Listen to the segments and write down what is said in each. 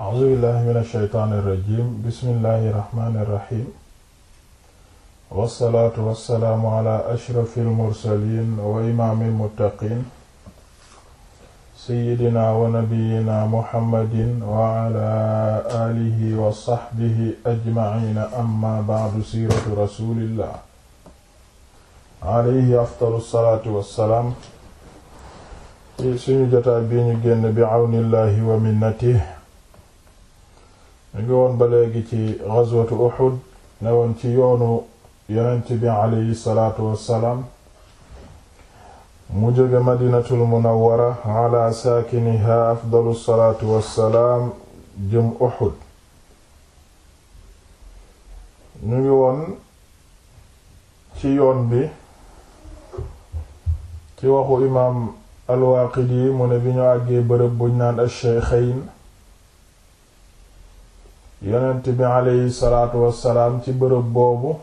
a'uzubillahi min ashaytaan irrajim bismillahi irrahmani irrahim wassalaatu wassalaamu ala ashrafi almursalin wa imaami almuttaqin seyidina wa nabiyina muhammadin wa ala alihi wa saxbihi ajmaciina amma bacdu siiratu rasulillah alayhi afdalu salaatu wassalaam ci suñu jotaay bi ñu génn bi awnillahi wa minnatihi ñu ngi woon ba léegi ci ghazwatu Uhud ne woon ci yoonu yonent bi aleyhi salaatu wassalaam mu jóge madinatul munawwara ala saakiniha afdalu salaatu wassalaam jëm Uhud ñu ngi woon ci yoon bi ci waxu imaam al-Waaqidi mu ne bi ñu àggee bërëb buñ naan ash-Shaykhayn yonent bi aleyhi salaatu wassalaam ci bërëb boobu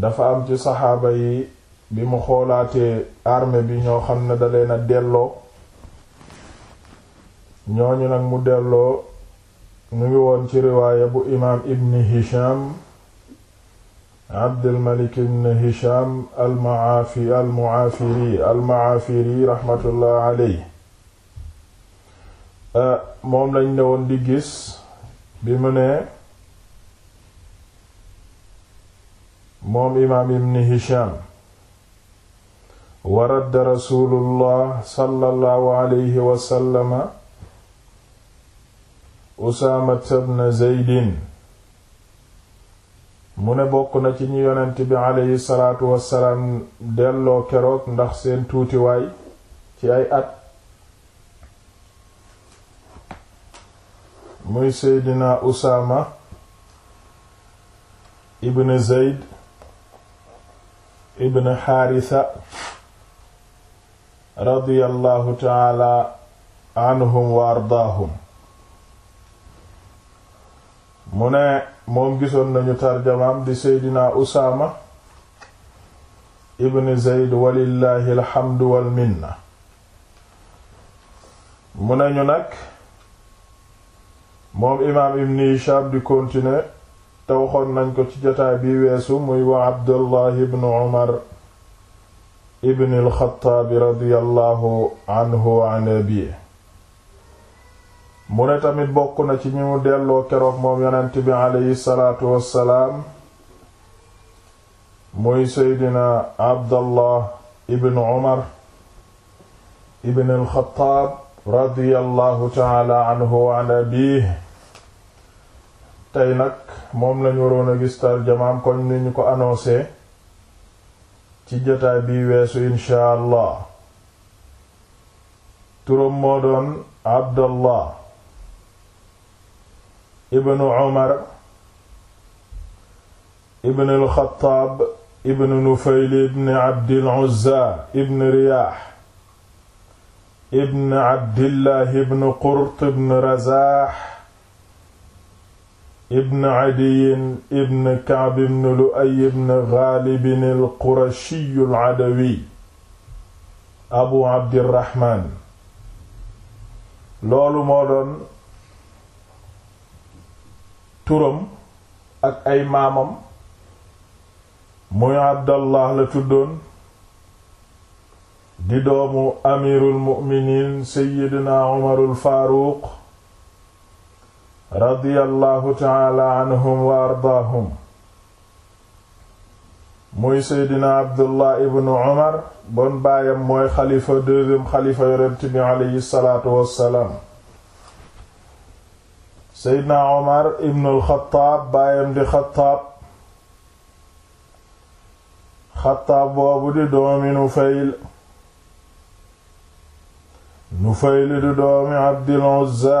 dafa am ci saxaaba yi bi mu xoolaatee armée bi ñoo xam ne da leen a delloo ñooñu nag mu delloo mu ngi woon ci riwaaya bu imaam ibn hisham abdulmalik ibn hisham almaafi almuaafiri almaafiri raxmatullah aley euh, moom lañ ne woon di gis bi mu ne moom imaam ibn hisham wa radda rasulullah sallallahu alayhi wasallama usaamata bna zeydin mu ne bokk na ci ñu yonent bi aleyhi salaatu wassalaam delloo keroog ndax seen tuutiwaay ci ay at muy seydina Usaama ibn Zayd ibn Haarisa radiyallahu taala anhum wa ardaahum mu ne moom gisoon nañu tarjamaam di seydina usama ibn Zayd walillahi alhamdu wal minna mu ne ñu moom imaam ibn Hishaam di continuer te waxoon nañ ko ci jotaay bi weesu muy wa Abdullah ibn Umar ibn al-Khattab radiyallahu wa an mu ne tamit bokk na ci ñi mu delloo keroog moom yonent bi aleyhi salaatu wassalaam muy seydina Abdallah ibn Umar ibn al-Khattab radiyallahu ta'ala wa an tey nag moom lañu waroon a gis tarjamaam kon ni ñu ko annoncé ci jotaay bi weesu inshaa allah turam moo doon abdallah ibnu umar ibn alxataab ibn nufayl ibn abdil uzza riyaax ibn abdillah ibn qurt ibn razaax ibn adiyin ibn kaab ibn lu'ay ibn gaalibin al-qurashiyu al-adawi abu abdirahmaan loolu moo doon turam ak ay maamam muy abdallah la tuddoon di doomu amirul mu'miniin seyyidina umarul faaruuq radiyallahu taala anhum wa ardaahum muy seydina abdullah ibnu umar bon baayam mooy xalifa deuxième xalifa yonent bi aleyhi salaatu wassalaam seydina umar ibnul xataab baayam di xataab xataab boobu di doomi nufayl nufayl di doomi abdil uzza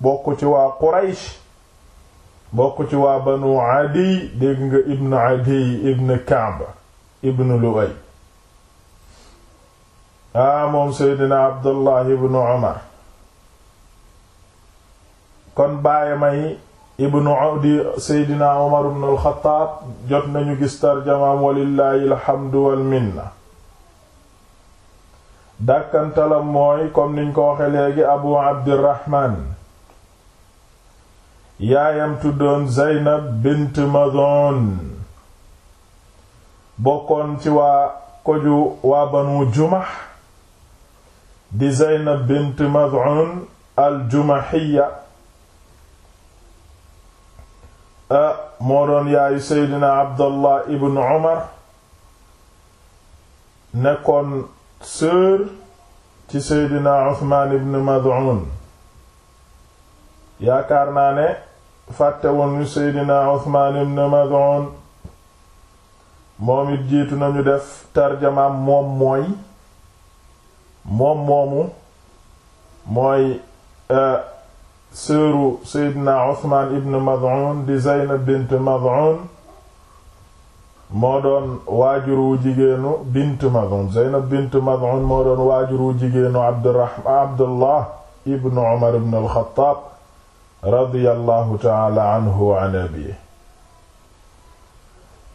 bokk ci waa Quraysh bokk ci waa banu Adiy dégg nga ibn Adiy ibn Ka'b ibn Lughayy a ah, moom Seydina Abdullah ibn Umar kon bàyyi may ibnu di Seydina Umar ibn al jot nañu gis tarjamaam walillahi alhamdu wal minna dàkkantalam mooy comme niñ ko waxe léegi Abu Abdirrahman yaayam tuddoon Zeynab bint Madon bokkoon ci waa koju waa Banu Jumah di Zeynab bint Madon al-Jumahiya a ah, moo doon Abdallah ibn Umar nekkoon sœur ci Seydina Uthman ibn Madon yaakaar naa fàtte woon ñu seydina Usmaan ibn Maz'un moom it jiitu nañu def tarjamaam moom mooy moom moomu mooy euh, sëru seydina Usmaan ibn Maz'un di Zaynab bint Maz'un moo doon waajuru jigéenu bint Maz'un Zaynab bint Maz'un moo doon waajuru jigéenu Abdullah ibn Umar ibn al radiyallahu taala anhu wa an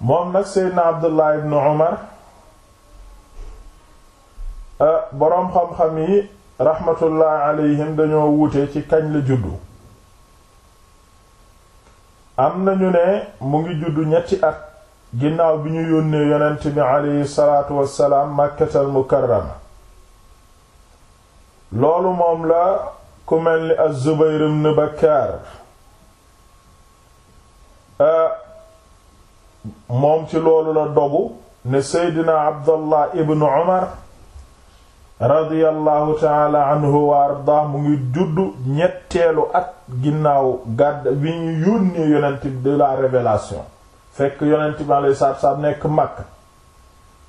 moom nag seydna abdullah ibn umar ah, boroom xam-xam yi raxmatullahi alayhim dañoo wuute ci kañ la juddu am nañu ne mu ngi juddu ñetti at ginnaaw bi ñu yónnee yonent bi aleyhi salaatu wassalaam makkatal mukarrama loolu moom la ku mel ni az-Zubayr moom ci loolu la dogu ne Seydina Abdallah ibn Umar radiyallahu taala anhu wa ardaa mu ngi juddu ñetteelu at ginnaaw gàdd bi ñu yónnee yonent de la révélation fekk yonent nekk Makka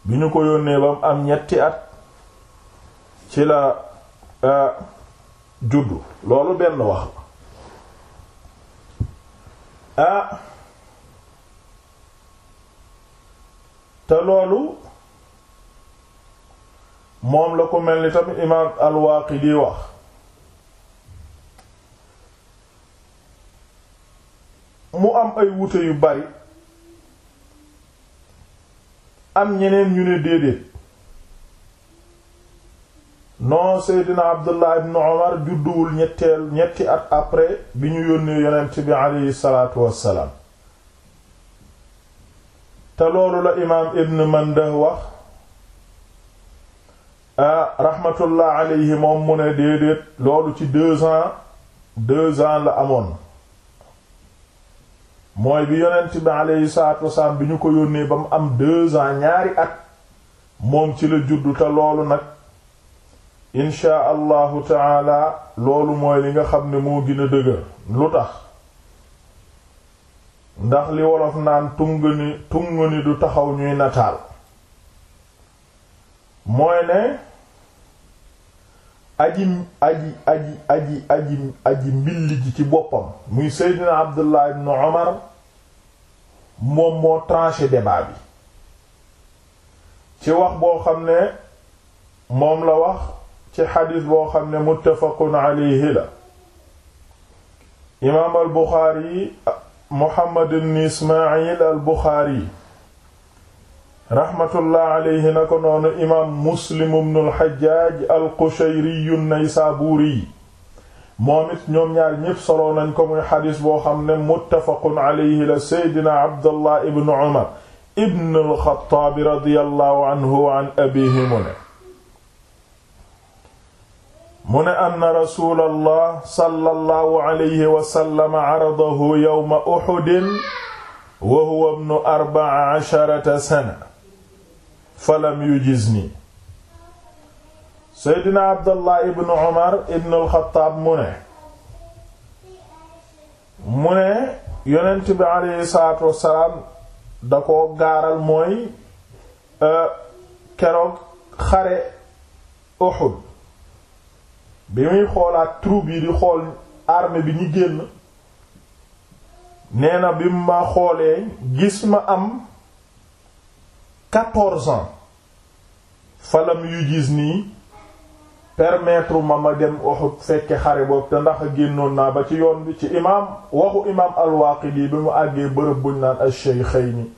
bi ñu ko yónnee ba am ñetti at ci la juddu loolu benn wax la ah te loolu moom la ko mel ni tamit imaam al-Waaqidi wax mu am ay wuute yu bari am ñeneen ñu ne déedéet non seydina abdullah ibn omar judduwul ñetteel ñetti at après bi ñu yónnee yonent bi aleyhi salaatu wassalaam te loolu la imaam ibn mandah wax ah rahmatullah aleyhi moom mu ne déedéet loolu ci deux ans deux ans la amoon mooy bi yonent bi aleyhi salaatu wassalaam bi ñu ko yónnee ba mu am deux ans ñaari at moom ci la juddu te loolu nag insha allahu taala loolu mooy li nga xam ne moo gën a dëgër lu tax ndax li wolof naan tunga ni tunga ni du taxaw ñuy nataal mooy ne aji aji aji aji aji aji ji ci boppam muy seydina abdullah ibn omar moom moo tranché débat bi ci wax boo xam ne moom la wax ci xadis boo xam ne muttafaqun alayhi la imaam al buxaari muhammad ibn ismaayil al buxaari raxmatullah na ko noonu imaam muslim ibn al xajjaaj al qushayri naysaabuuri moom it ñoom ñaar ñépp soloo nañ ko muy xadis boo xam ne muttafaqun alayhi la seydina abdullah ibn umar ibn al xattaab radiyallahu anhu wa an mu ne anna rasuulallah sallallahu alayhi wa sallam aradahu yawma uhudin wa huwa ibnu arba'a asharata sana falam yujizni seydina abdallah ibnu umar ibnu alxataab mu ne mu ne yonent bi aleyhi salaatu wassalaam da ko gaaral mooy euh, keroog xare Uhud bi muy xoolaat troupe yi di xool armée bi ñu génn nee na bi ma xoolee gis ma am quatorze ans falam yu gis nii permettre ma ma dem Uhud fekke xare boobu te ndax génnoon naa ba ci yoon bi ci imaam waxu imaam al bi mu àggee bërëb buñ naan ash-Shaykhayni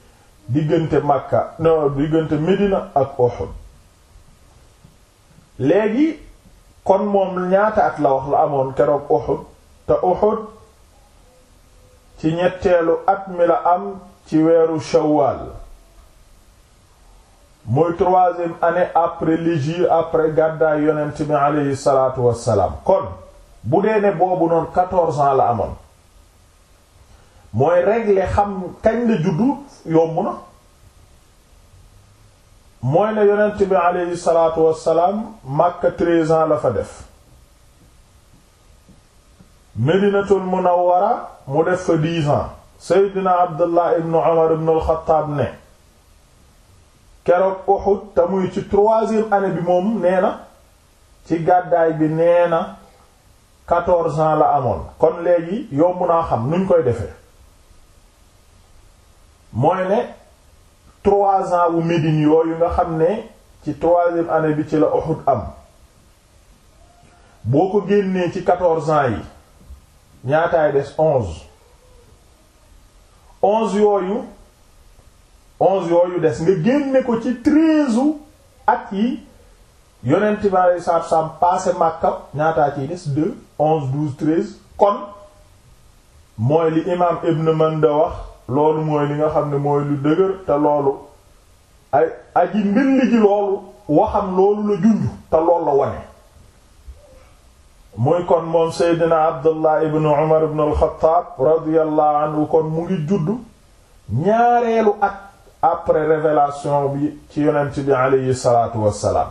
diggante Makka non diggante Medina ak Uhud léegi kon moom ñaata at la wax la amoon keroog Uhud te Uhud ci ñetteelu at mi la am ci weeru Shawwal mooy troisième année après l'hégire après gàddaay yonent bi aleyhi salaatu wassalaam kon bu dee ne boobu noon quatorze ans la amoon mooy régler xam kañ la juddu yomb na mooy ne yonent bi aleyhi salaatu wassalaam Makka treize ans la fa def Medinatul Munawwara mu def fa dix ans Seydina Abdullah ibn Umar ibn al ne keroog Uhud te muy ci troisième année bi moom nee na ci gàddaay bi nee na quatorze ans la amoon kon léegi yomb naa xam nuñ koy defee mooy ne trois ans wu Médine yooyu nga xam ne ci troisième année bi ci la Uhud am boo ko génnee ci quatorze ans yi ñaataay des onze onze yooyu onze yooyu des nga génne ko ci treize ak yi yonent bi alei saatu salaam passé Makka ñaataa ciy des deux onze douze treize kon mooy li imaam Ibn Manda wax loolu mooy li nga xam ne mooy lu dëgër te loolu ay aji mbill ji loolu waxam loolu la junj te loolu la wane muy kon moom seydina abdullah ibn umar ibn alxataab radiallahu anhu kon mu ngi juddu ñaareelu at après révélation bi ci yonent bi aleyhi salaatu wassalaam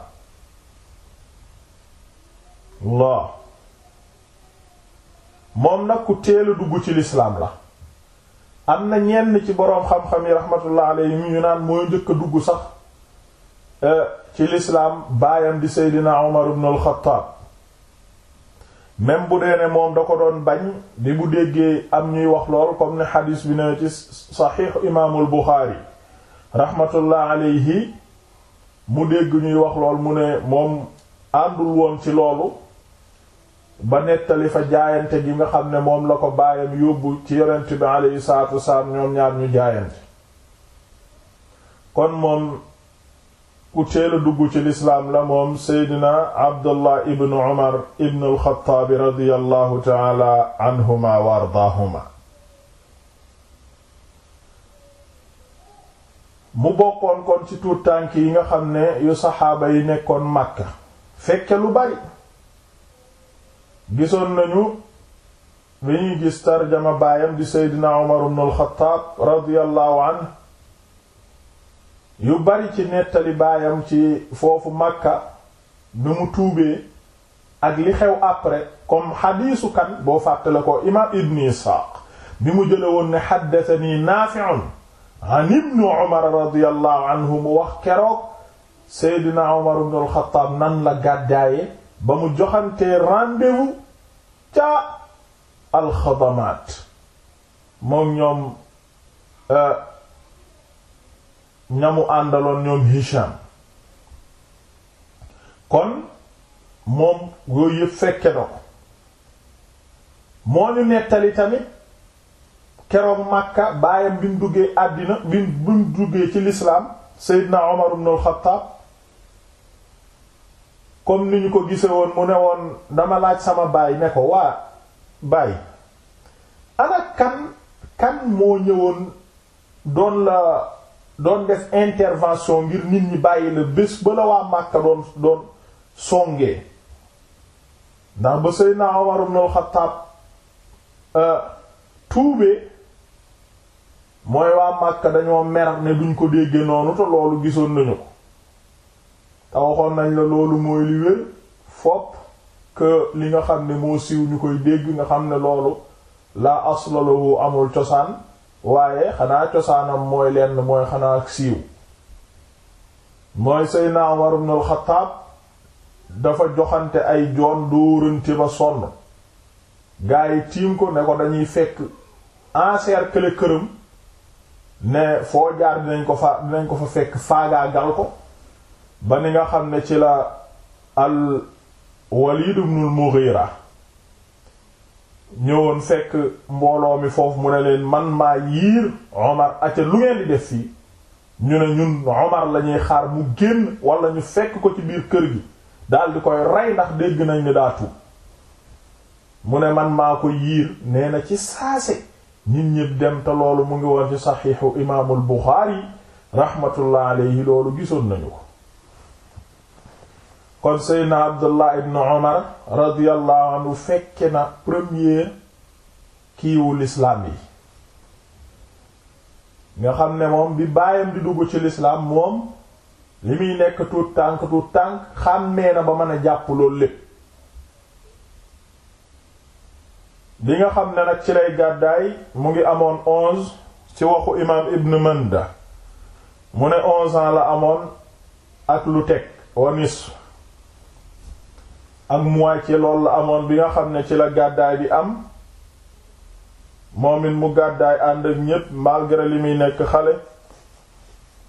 Allah moom nag ku teel dugg ci lislaam la am na ñenn ci boroom xam-xam yi rahmatullah alayhim naan mooy njëkk a dugg sax e, ci lislaam baayam di seydina Umar ibn même bu dee moom da ko doon bañ bi bu déggee am ñuy wax lool comme ni xadiis bi ne ci saxiix imaamul mu dégg ñuy wax lool mu ne moom àndul woon ci loolu ba nettali fa jaayante gi nga xam ne moom la ko baayam yóbbu ci yonent bi aleyhi salaatu wasalaam ñoom ñaar ñu jaayante kon moom ku teel dugg ci lislaam la moom seydina abdullah ibnu umar ibnu alxataabi radiallahu taala anhuma wa ardaahuma mu bokkoon kon ci tuut tànk yi nga xam ne yu saxaaba yi nekkoon màkka fekke lu bari gisoon nañu bi ñuy gis tarjama baayam di seydina umar ibn al-Khattab radiyallahu yu bari ci nettali baayam ci foofu Makka bi mu tuubee ak li xew après comme xadiisu kan boo fàttale ko imaam ibn Isxaaq bi mu jële woon ne xaddatani naafi'un an ibn umar radiyallahu anhu mu wax keroog seydina umar ibn al nan la gàddaaye ba mu joxantee rendez ca alxadamaat moom ñoom euh, ñamu àndaloon ñoom Hisham kon moom yooyu yëpp fekke na ko moo ñu nettali tamit keroog Makka baayam bi mu duggee àddina bi mu duggee ci lislaam Seydina Omar ibn al comme ni ñu ko gise woon mu ne woon dama laaj sama baay ne ko waa baay ana kan kan moo ñëwoon doon la doon def intervention ngir nit ñi bàyyi la bés ba la waa Màkka doon songee ndax ba sëy Umar ibn al-Khattab euh, tuubee mooy waa Màkka dañoo mer ne duñ ko déggee noonu te loolu gisoon nañu ko te waxoon nañ la loolu mooy li wér fopp que li nga xam ne moo siiw ñu koy dégg nga xam ne loolu la aslalahu amul cosaan waaye xanaa cosaanam mooy lenn mooy xanaa siiw mooy Seydina Umar ibn al-Khattab dafa joxante ay joon dóorante ba sonn gaa yi tiim ko ne ko dañuy fekk encercler këram ne foo jaar dinañ ko fa dinañ ko fa fekk faagaagal ko ba ni nga xam ne ci la al Walid ibn al Mughira ñëwoon fekk mbooloo mi foofu mu ne leen man maa yiir Omar acca lu ngeen di def fii ñu ne ñun Omar lañuy xaar mu génn wala ñu fekk ko ci biir kër gi daal di koy rey ndax dégg nañ ni daa tuub mu ne man maa ko yiir nee na ci saase ñun ñëpp dem te loolu mu ngi woon ci saxiixu imaamul Buxaari rahmatullah alayhi loolu gisoon nañu ko kon seydna abdullah ibn omar radiyallahu anhu fekke na premier kiiwu lislaam yi nga xam ne moom bi baayam di dugg ci lislaam moom li muy nekk tuut tànk tuut tànk xàmmee na ba mën a jàpp loolu lépp bi nga xam ne nag ci lay gàddaay mu ngi amoon onze ci waxu imaam ibn manda mu ne onze ans la amoon ak lu teg wa nisf ak moitié loolu la amoon bi nga xam ne ci la gàddaay bi am moom mu gàddaay ànd ak ñépp malgré muy nekk xale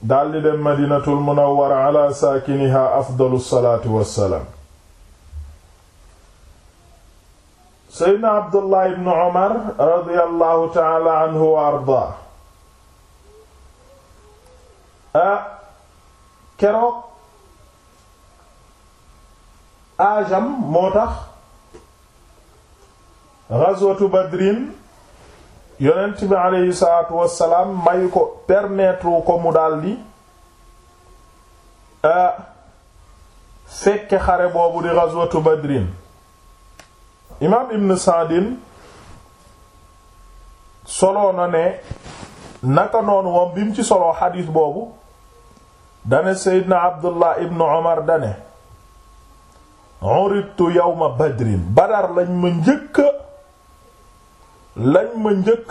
daldi dem madinatul munawwara ala saakiniha afdalu salaatu wassalaam seydna abdullah ibnu omar radiallahu taala anhu wa ardaa ah, keroog ajam moo tax ghazwatu badrin yonent bi aleyhi wassalaam mayu ko permettre ko mu daldi fekke xare boobu di ghazwatu badrin imaam ibn saadin soloo na ne naka noonu moom bi mu ci soloo xadiis boobu dane seydna abdullah ibn omar dane urittu yawma badrin badar lañ ma njëkk lañ ma njëkk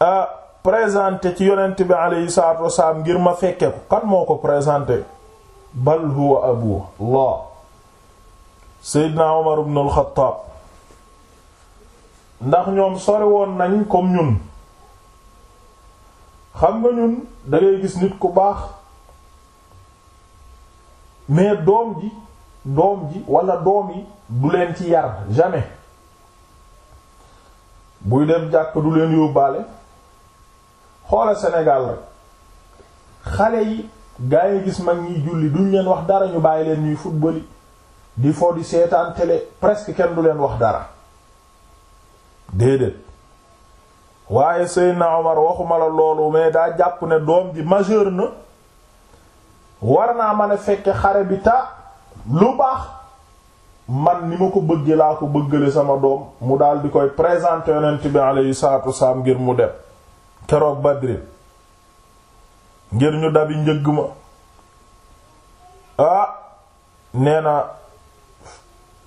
a présenté ci yonent bi aleyhi salatu wasalaam ngir ma fekke ko kan moo ko présenté bal huwa abu la Seydina Omar ibn al-Khattab ndax ñoom sori woon nañ kom ñun xam nga ñun da gis nit ku baax mais doom ji doom ji walla doom yi du leen ci yar jamais buy dem jàkk du leen yóbbaale xoola Sénégal rek xale yi gaa yi gis mag ñiy julli duñ leen wax dara ñu bàyyi leen ñuy football di fo seetaan télé presque kenn du leen wax dara déedéet waaye na Omar waxuma la loolu mais daa jàpp ne doom ji majeur na war naa mën a fekke xare bi taa lu baax man ni ma ko bëggee laa ko bëggale sama doom mu daal di koy présenter yonent bi alayhi salaatu ngir mu dem keroog Badrin ngir ñu dabi njëgg ma ah nee na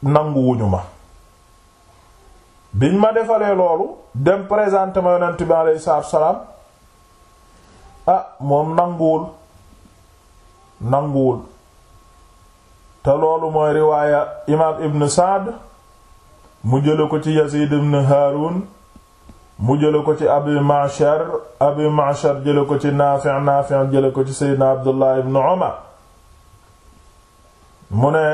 nanguwuñu ma biñ ma defalee loolu dem présenter ma yonent bi alayhi salaatu wasalaam ah moom nanguwul nanguwul te loolu mooy riwaaya imaam ibn saad mu jële ko ci yazid haarun mu jële ko ci abi mashar abi mashar jële ko ci naafi' naafi' jële ko ci seydna abdullah ibn umar mu ne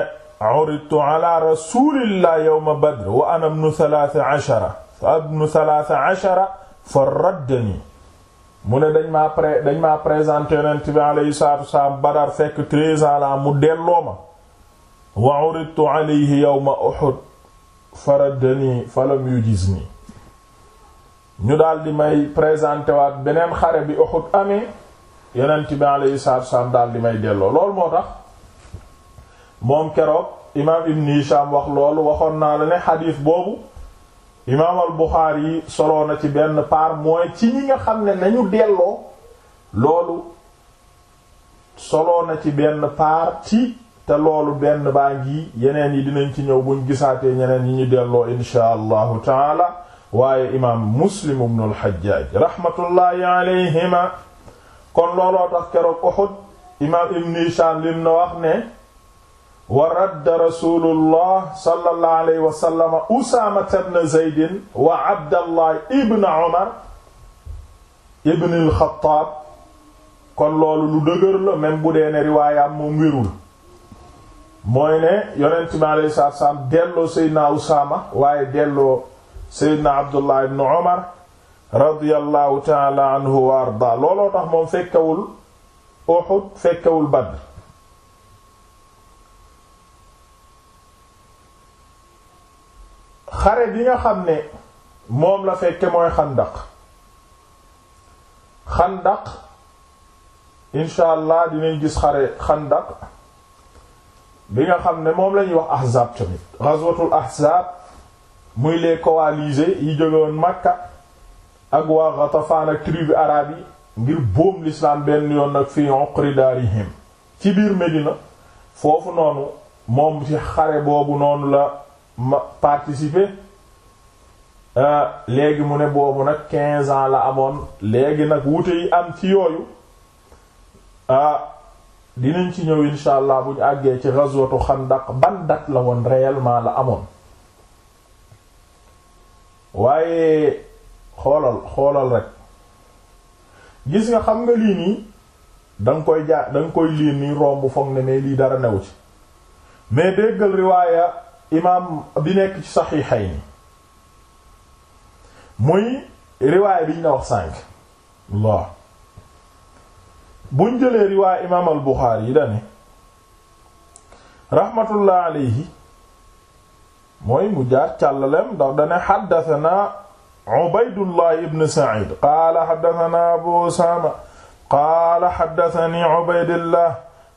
uridtu ala rasulillah yawma badr wa ana ibnu thalaatha ashara fa ne dañ maa pré dañ maa présenté yonent bi alayhi salaatu badar fekk treize mu delloo ma wa uridtu alayhi yawma Uhud faraddani falam yujizni ñu daal di may présenté waat beneen xare bi Uhud amee yonent bi alayhi salaatu wassalaam daal di may delloo lool moo tax moom keroog imaam Ibn Hisham wax loolu waxoon naa la ne xadiis boobu imaam al yi soloo na ci benn paar mooy ci ñi nga xam ne nañu delloo loolu soloo na ci benn paar ci te loolu benn baa ngi yeneen yi dinañ ci ñëw buñ gisaatee ñeneen yi ñu delloo inshaa allahu taala waaye imaam muslim ibnu al-Hajjaaj rahmatullahi alayhima kon looloo tax keroog Uhud imaam ibnu Hishaam lim na wax ne wa radda rasulullah sallallahu alayhi wa sallam Usaama wa Abdallah ibn Umar ibn al kon loolu lu dëgër la même bu dee ne riwaayam moom mooy ne yonent alayhi salaatu salaam delloo Seydina Usaama waaye delloo Seydina Abdullah ibn Umar radiyallahu taala anhu wa arda looloo tax moom fekkewul Uhud fekkewul Badr xare bi nga xam ne moom la fekke mooy xandaq xandaq incha allah dinañ gis xare xandaq bi nga xam ne moom lañuy wax ahzaab tamit ghazwatul ahzaab muy les coalisés yi jógewoon Makka ak waa Ghatafaan ak tribu arabe yi ngir boom l'islam benn yoon nag fii uqri daarihim ci biir Medina foofu noonu moom ci xare boobu noonu la ma euh, léegi mu ne boobu nag quinze ans la amoon léegi nag wute yi am ci yooyu ah, dinañ ci ñëw insha allah bu ñu àggee ci ghazwatu xandaq ban date la woon réellement la amoon waaye xoolal xoolal rek gis nga xam nga lii nii danga koy jaa danga koy lii nii romb foog ne mais lii dara newu ci mais déggal riwaaya imaam bi nekk ci saxiixay ni muy riwaaya bi ñu ne wax sànq waaw buñ jëlee riwaay imaam al Buxaari yi dane rahmatullah alayhi mooy mu jaar càllalem ndax dane xaddatana Ubaydullah ibn Sa'id qaala xaddatana Abu Usaama qaala xaddatani Ubaydullah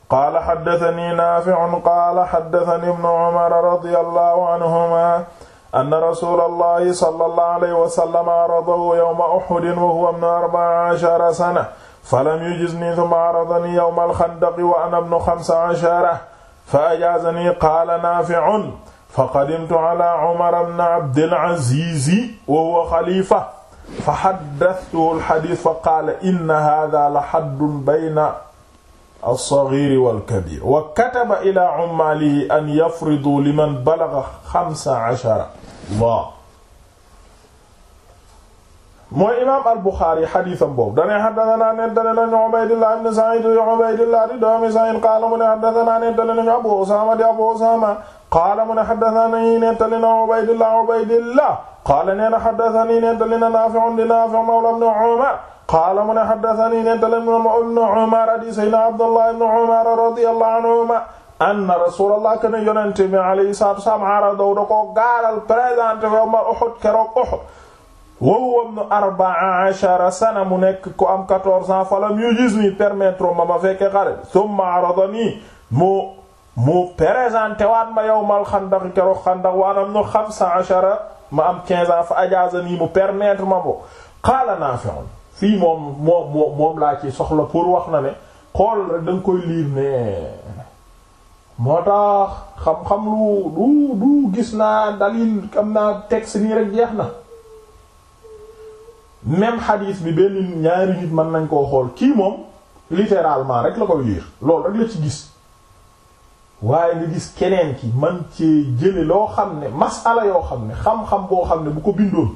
qaala xaddatani Naafi'un qaala xaddatani ibn Umar radiyallahu anhuma anna rasuulallahi sallallahu alayhi wa sallam aradahu yawma Uhud wa huwa ibnu arba'a ashara sana falam yujiznii thumma aradanii yawma alxandaqi wa ana ibnu xamsa ashara fa ajaazanii qaala naafi'un fa qadimtu ala umar ibn abdil aziz wa huwa xalifa fa haddathtuhu alxadiis fa qaala inna haaza la haddun bayna as-saxiiri wal kabiir wa kataba ilaa ummaalihi an yafriduu liman balaga xamsa ashara Allah mooy imaam al-Buxaari xadiisam boobu dane xaddasanaa nettali nañu Ubaydillah ibn Sa'iid di Ubaydillah di doomi Sa'iid qaala mu ne xaddasanaa nettali nañu Abu Usaama di Abu Usaama qaala mu ne xaddasanaa nettali na Ubaydillah Ubaydillah qaala nee na xaddasanii nettali na Naafi'un di Naafi' mawlaa ibn Umar qaala mu ne xaddasanii nettali na ibn Umar di Sayyidinaa Abdullah ibn Umar radiyallahu anhumaa anna Rasuulullah kaana yonent bi alayhi salaatu wa salaam aradahu da koo gaalal présenté Uhud keroog Uhud wa huwa ibnu arbaa ashara sana mu nekk ku am 14 ans falam yujizni permettre ma ma fekkee xare summa aradani mu mu présenté waat ma yawmal xandaq keroog xandaq waanam nu xamsa ashara ma am 15 ans fa ajaazani mu permettre ma bo qaala Naafi'un fii moom moom laa ci soxla pour wax na ne xool rek da koy liir ne moo tax xam-xam lu du du gis naa dalil am naa texte nii rek jeex na même xadiis bi benn ñaari nit mën nañ koo xool kii moom littéralement rek la koy liir loolu rek la ci gis waaye nga gis keneen ki man cee jële loo xam ne masala yoo xam ne xam-xam boo xam ne bu ko bindoon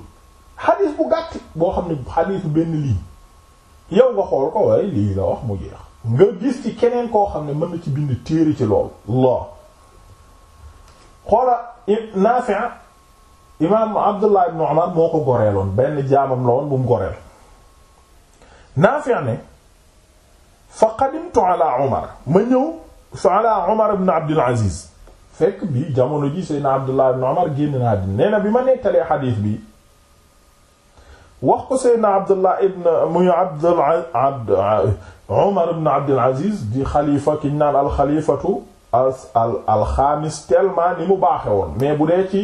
xadiis bu gàtt boo xam ne xadiisu benn lii yow nga xool ko waaye lii la wax mu jeex nga gis ci keneen koo xam ne mën na ci bind téere ci loolu loo xoola Nafi' imaam Abdullah ibn Umar moo ko goreeloon benn jaamam la bu mu goreel Naafi' ne fa qadimtu ala Umar ma ñëw su ala Umar ibn Abdul Aziz fekk bi jamono ji Seydina Abdullah ibn Umar génn naa di bi ma nettalee xadiis bi wax ko Seydina Abdullah ibn muy Abdul Abd Aziz di xalifa ki ñu naan al al alxaamis ni mu baaxe woon bu dee ci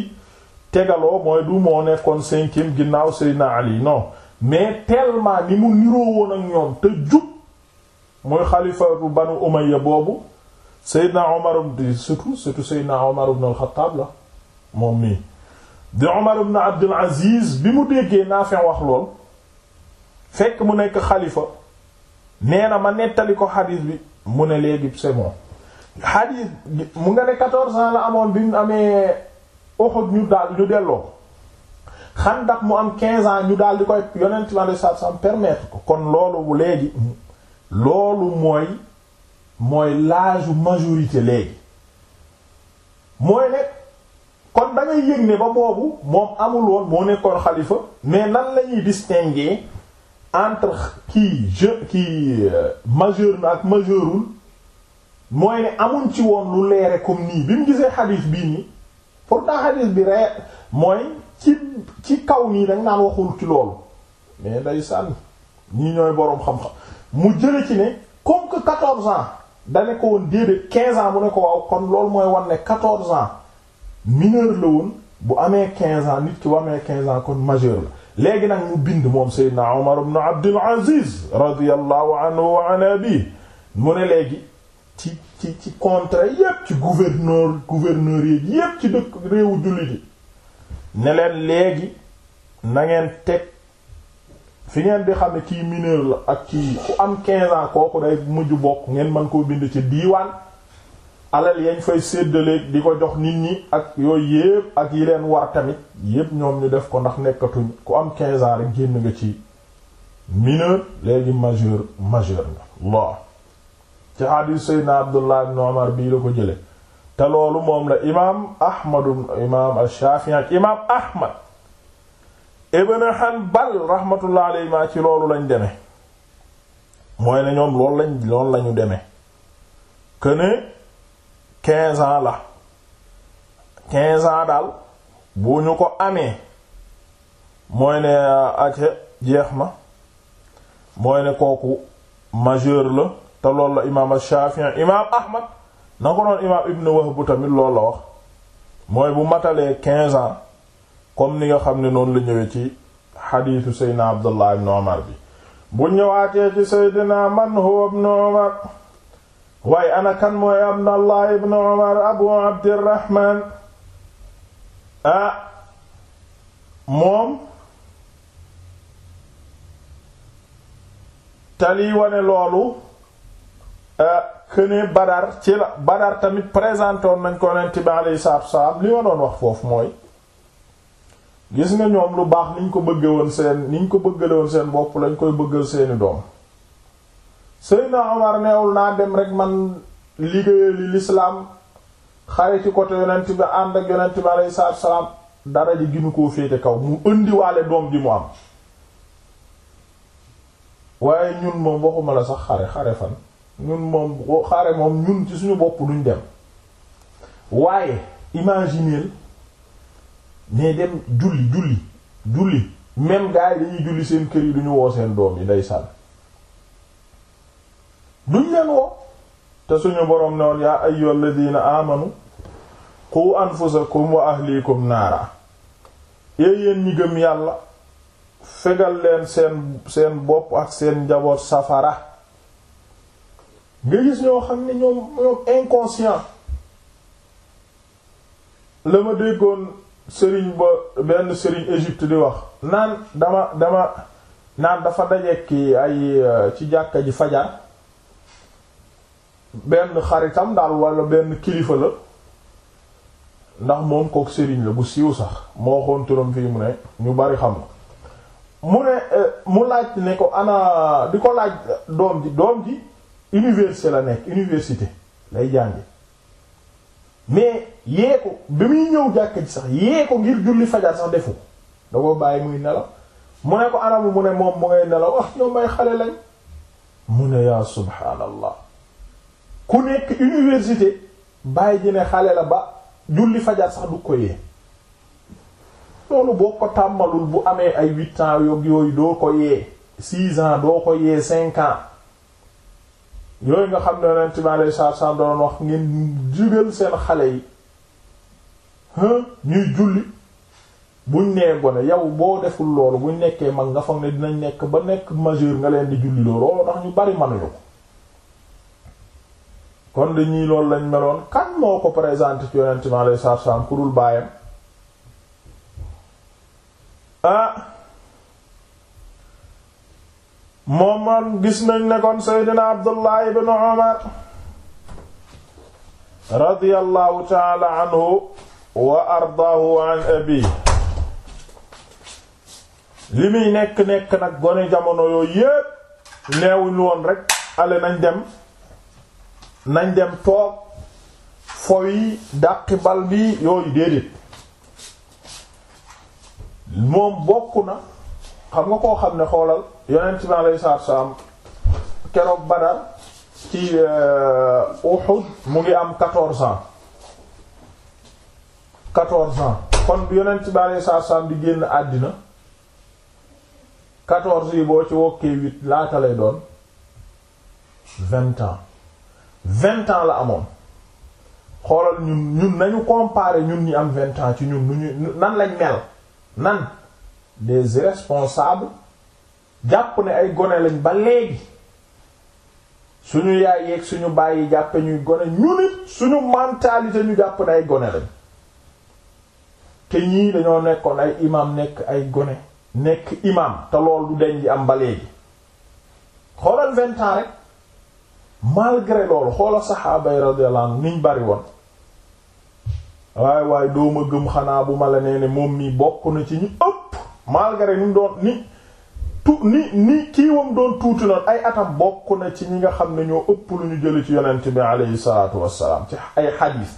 tegaloo mooy du moo nekkoon cinquième ginnaaw Seydina Ali non mais tellement ni mu niroo woon ak ñoom te jub mooy xalifa bu Banu Umayya boobu Seydina Omar surtout surtout Seydina Omar ibn al-Khattab la moom mii di Omar ibn Abdul Aziz bi mu déggee Naafi wax lool fekk mu nekk xalifa nee na ma nettali ko xadiis bi mu ne léegi c'est bon xadiis mu nga ne quatorze ans la amoon bi mu amee Uhud ñu daal ñu delloo Xandaq mu am 15 ans ñu daal di koy yonent mi alayhi salaatu salaam permettre ko kon loolu bu léegi loolu mooy mooy l'âge majorité léegi mooy ne kon da yëg ne ba boobu moom amul woon moo nekkoon xalifa mais nan lañuy ñuy distinguer entre ki je kii euh, majeur na ak majeurul mooy ne amuñ ci woon lu leere comme nii bi mu gisee xadiis bii nii. pour pourtant xadiis bi ree mooy ci ci kaw nii dañ naan waxul ci loolu mais day sànni ñii ñooy boroom xam-xam mu jële ci ne comme que quatorze ans da ko woon déedéet quinze ans mu ne ko waaw kon loolu mooy wan ne quatorze ans mineur la woon bu amee quinze ans nit ki bu amee quinze ans kon majeur la léegi nag mu bind moom Seydina Omar ibn Abdul Aziz radiyallahu anhu wa an abi mu ne léegi ci ci ci contrat yépp ci gouverneur gouverneur yi yépp ci dëkk réewu jullit yi ne leen léegi nangeen ngeen teg fi ngeen di xam ne kii mineur la ak ci ku am 15 ans kooku day mujj bokk ngeen mën koo bind ci diiwaan alal yañ fay séddale di ko jox nit ñi ak yooyu yépp ak yi leen waa tamit yépp ñoom ñu def ko ndax nekkatuñ ku am 15 ans rek génn nga ci mineur léegi majeur majeur nga waaw. ci xadiis seydna abdullah ibn umar bii la ko jële te loolu moom la imaam ahmadu imaam ashafii ak imaam ahmad ibn hanbal rahmatullah alayhi ma ci loolu lañ deme mooy ne ñoom loolu lañ loolu lañu deme que quinze ans la quinze ans daal bu ñu ko amee mooy ne ace ah, jeex na mooy ne kooku majeur la te loolu la imaam Shaafi'i imaam Ahmad na ko noon imaam Ibn Wahb tamit loolu la wax mooy bu matalee quinze ans comme ni nga xam ne noonu la ñëwee ci xadiisu Seydina Abdullah ibn Umar bi bu ñëwaatee ci Seydina man huwa ibn waaye ana mooy Abdullah ibn Umar Abu Abdirrahman ah moom tali wane loolu këne euh, Badar ci la Badar tamit présenté woon nañ ko yonent bi alayhi salaatu wassalaam li ma doon wax foofu mooy gis nga ñoom lu baax niñ ko bëgge woon seen niñ ko bëggale woon seen bopp lañ koy bëggal seeni doom Seydina Omar neewul naa dem rek man liggéeyal li lislaam xare ci côté yonent bi ànd ak yonent bi alayhi salaatu dara ji ginu ko féete kaw mu indiwaale doom ji mu am waaye ñun moom waxuma la sax xare xare fan ñun moom boo xare moom ñun ci suñu bopp duñu dem waaye imagineel ne dem julli julli julli même gars yi dañuy julli seen kër yi duñu woo seen doom yi day sànn duñ leen woo te suñu boroom ne woon yaa ayyuhal ladina amanu qu anfusakum wa ahlikum naara yéen ñi gëm yàlla fegal leen seen seen bopp ak seen njaboot safara nga gis ñoo xam ne ñoom ñoom inconscient la ma déggoon sëriñ ba benn sëriñ Égypte di wax naan dama dama naan dafa dajekki ay euh, ci jàkka ji fajar benn xaritam daal walla benn kilifa la ndax moom kook sëriñ la bu siiw sax moo xoon turam fii mu ne ñu bari xam mu ne euh, mu laaj ne ko ana di ko laaj euh, doom ji doom ji université la nekk université lay jànge mais yee ko bi muy ñëw jàkk ji sax yee ko ngir julli fajar sax defu da ko bàyyi muy nelaw mu ne ko arabu mu ne moom mu ngay nelaw wax ah, ñoom may xale lañ mu ne yaa subhaanallah ku nekk université bàyyi ji ne xale la ba julli fajar sax du ko yee loolu boo ko tàmmalul bu amee ay huit ans yog yooyu doo ko yee six ans doo ko yee cinq ans yooyu nga xam ne yonent bi alayhi salaatu salaam doon wax ngeen jugal seen xale yi ñuy julli buñ nee gone yow boo deful loolu buñ nekkee mag nga foog ne dinañ nekk ba nekk majeur nga leen di julli loolu ndax ñu bari mënuñu ko kon dañuy loolu lañ meloon kan moo ko présenté ci yonent bi alayhi salaatu salaam ku baayam ah moom man gis nañ ne kon seydina abdullah ibn umar radiyallahu taala anhu wa ardaahu an abi li muy nekk-nekk nag gone jamono yooyu yépp neewuñ woon rek ale nañ dem nañ dem toog foyi dàqi bal bi yooyu déedéet moom bokk na xam nga koo xam ne xoolal yonent bi alayhi salaatu salaam keroog Badar ci euh, Uhud mu ngi am quatorze ans quatorze ans kon bi yonent bi alayhi salaatu salaam di génn àddina quatorze yi boo ci wokkee huit laata lay doon vingt ans vingt ans la amoon xoolal ñun ñun nañu comparer ñun ñi am vingt ans ci ñun nu ñu nan lañ mel nan des responsables jàpp ne ay gone lañ ba léegi suñu yaay yeeg suñu bàyyi jàppe ñuy gone ñu nit suñu mentalité ñu jàpp ne ay gone lañ te ñii dañoo nekkoon ay imam nekk ay gone nekk imaam te lool du deñ am ba léegi xoolal vingt ans rek malgré loolu xoolal saxaaba yi radiyallahu niñ bari woon waaye waaye doo ma gëm xanaa bu ma la nee ne moom mii bokk na ci ñu ëpp malgré ni mu doon ni ni kiiwam doon tuuti noonu ay atam bokk na ci ñi nga xam ne ñoo lu ñu jëli ci yonent bi aleyhi salaatu wassalaam ci ay xadiis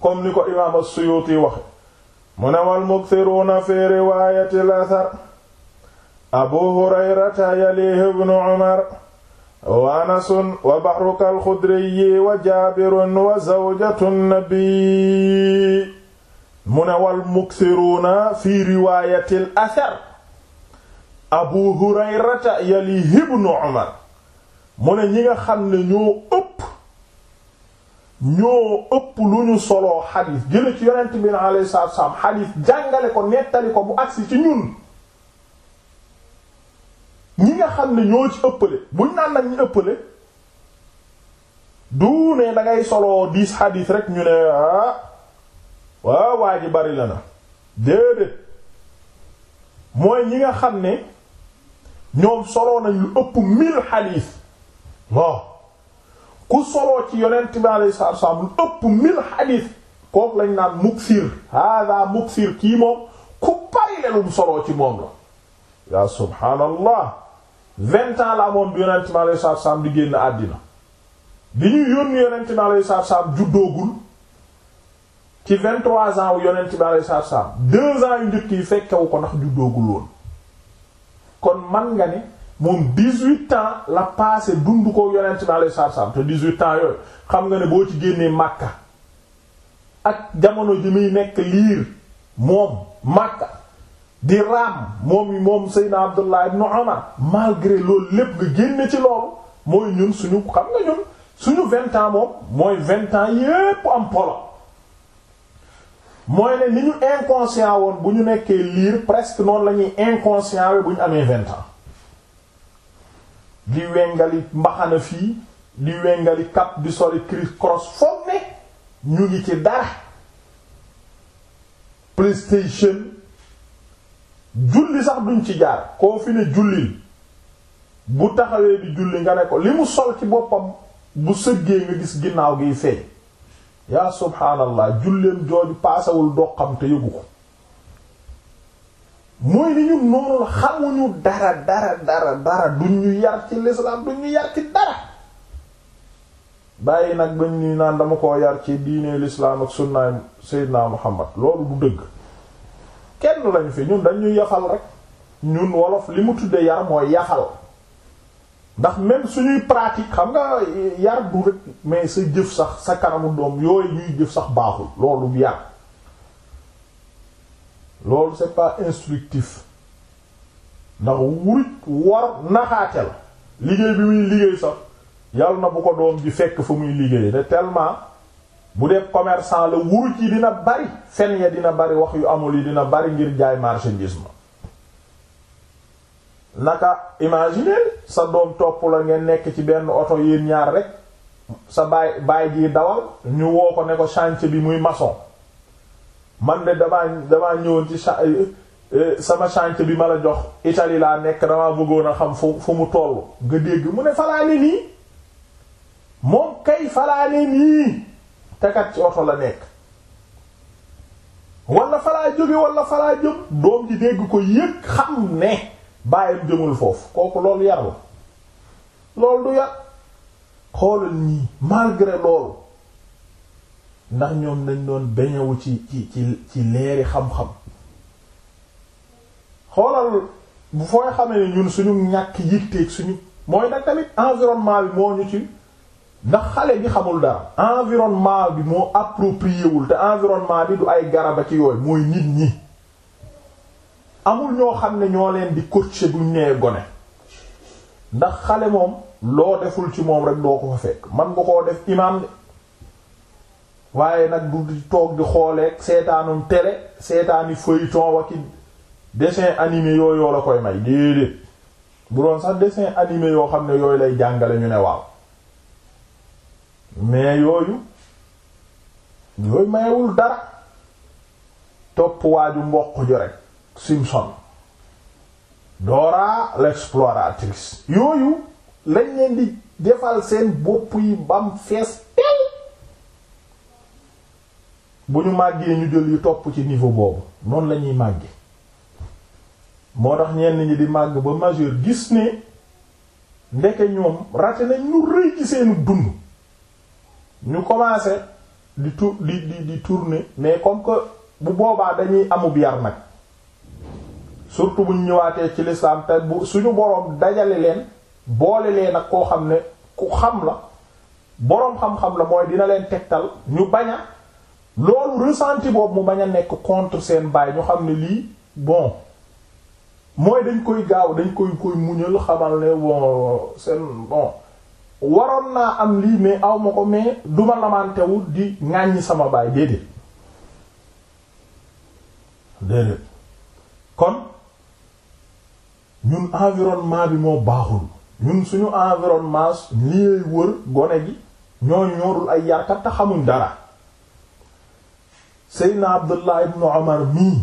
comme ni ko imaam as-Suyuti waxe mu ne wal mukthiruna fi riwaayati al abu hurayrata yalihi ibnu umar wa anasun wa bahruka al wa jaabirun wa zawjatu an mu ne wal muksiruuna fi riwaayatil asar abu hurayrata yali ibnu umar mu ne ñi nga xam ne ñoo ëpp ñoo ëpp lu ñu solo xadiis jële ci yonent bi na alayhi salaatu xadiis jàngale ko nettali ko bu aksi ci ñun ñi nga xam ne ñoo ci ëppale buñ naan nag ñu ëppale du ne dangay soloo diis xadiis rek ñu ne ah waaw waa ji bari la na déedéet mooy ñi nga xam ne ñoom soloo nañ lu ëpp mille xadiis ku soloo ci yonent bi alayhi salaatu salaam lu ëpp mille xadiis kooku lañ naan muksir hada muksir kii moom ku bari la lu soloo ci moom la yaa subhaanallah vingt ans la moom bi yonent bi alayhi salaatu salaam di génn àddina bi ñuy yónni yonent bi alayhi salaatu salaam juddoogul ci vingt-trois ans wu yonent bi alayhi salaatu salaam deux ans yu njëkk yi fekkewu ko ndax juddoogul woon kon man nga ne moom dix-huit ans la passé dund ko yonent bi alayhi salaatu salaam te dix-huit ans yooyu xam nga ne boo ci génnee Makka ak jamono ji muy nekk liir moom Makka di raam moom moom Seydina Abdullah ibn Umar malgré loolu lépp nga génne ci loolu mooy ñun suñu xam nga ñun suñu vingt ans moom mooy vingt ans yépp am polo mooy ne ni ñu inconscient woon bu ñu nekkee liir presque noonu la ñuy inconscient we bu ñu amee vingt di wengali mbaxana fii di wengali cap di soli criss cross foog ñu ngi ci dara PlayStation julli sax duñ ci jaar koo fi ne jullil bu taxawee bi julli nga ne ko li mu sol ci boppam bu sëggee nga gis ginnaaw gi fee yaa subhaanallah julleen jooju paasawul doqam te yëgu ko mooy ni ñun noonu xamuñu dara dara dara duñ ñu yar ci lislaam duñ ñu yar ci dara bàyyi nag bañ ñu naan dama koo yar ci diine lislaam ak sunnaay seydinaa muhammad loolu du dëgg kenn lañ fi ñun dañuy yaxal rekk ñun wolof li mu tudde yar mooy yaxal ndax même suñuy pratique xam nga yar du rek mais sa jëf sax sa kanamu doom yooyu ñuy jëf sax baaxul loolu yar loolu c'est pas instructif ndax wuruj war naxaate la liggéey bi muy liggéey sax yàlla na bu ko doom ji fekk fu muy liggéey te tellement bu dee commerçant la wuruj yi dina bari fen ya dina bari wax yu amul yi dina bari ngir jaay marchandise ma naka imaginer sa doom topp la ngeen nekk ci benn oto yéen ñaar rek sa baay baay ji dawal ñu woo ko ne ko chantier bi muy maçon man de damaa damaa ñëwoon ci eh, eh, sama chantier bi ma la jox Italie laa nekk damaa bëggoon a xam fu fu mu toll nga dégg mu ne falaale nii moom kay falaale nii te kat ci oto la nekk wala falaa jóge wala falaa jëm doom ji dégg ko yëg xam ne bàyyam jëmul foofu kooku loolu yar la loolu du yar xoolal ñii malgré loolu ndax ñoom dañ doon beñewu ci ci ci ci leeri xam-xam xoolal bu fooy xamee ne ñun suñu ñàkk yitteeg suñu mooy nag tamit environnement bi moo ñu ci ndax xale bi xamul dara environnement bi moo approprié wul te environnement bi du ay garaba ci yooyu mooy nit ñi amul ñoo xam ne ñoo leen di coacher buñ nee gone ndax xale moom loo deful ci moom rek doo ko fa fekk man nga koo def imaam de waaye nag du toog di xooleeg seetaanum télé seetaani feuilleton wa ki desin animé yooyu yoo la bu doon sax dessin animé yoo xam ne yooyu lay jàngale ñu ne waaw mais yooyu yooyu mayewul dara topp waaju mboq jo rek Simpson Dora l'exploratrice yooyu lañ leen di defal seen bopp yi bam fees bu ñu màggee ñu jël yi topp ci niveau boobu noonu lañuy ñuy màggee moo tax ñenn ñi di màgg ba majeur gis ne ndeke ñoom raté nañ ñu rëy ci seenu dund ñu commencé di tu di di di mais comme que bu boobaa dañuy amub yar nag surtout ñu ñëwaatee ci lislaam te bu suñu boroom dajale leen boole leen ak koo xam ne ku xam la boroom xam-xam la mooy dina leen tegtal ñu bañ a loolu ressenti boobu mu bañ a nekk contre seen baay ñu xam ne lii bon mooy dañ koy gaaw dañ koy koy muñal xamal ne bon seen bon waroon naa am lii mais aw ma ko mais duma lamantewul di ŋàññi sama baay déedéet déedéet kon ñun environnement bi moo baaxul ñun suñu environnement liy wër gone gi ñoo ñoorul ay yarkat te xamuñ dara Seydina Abdullah ibn Omar mii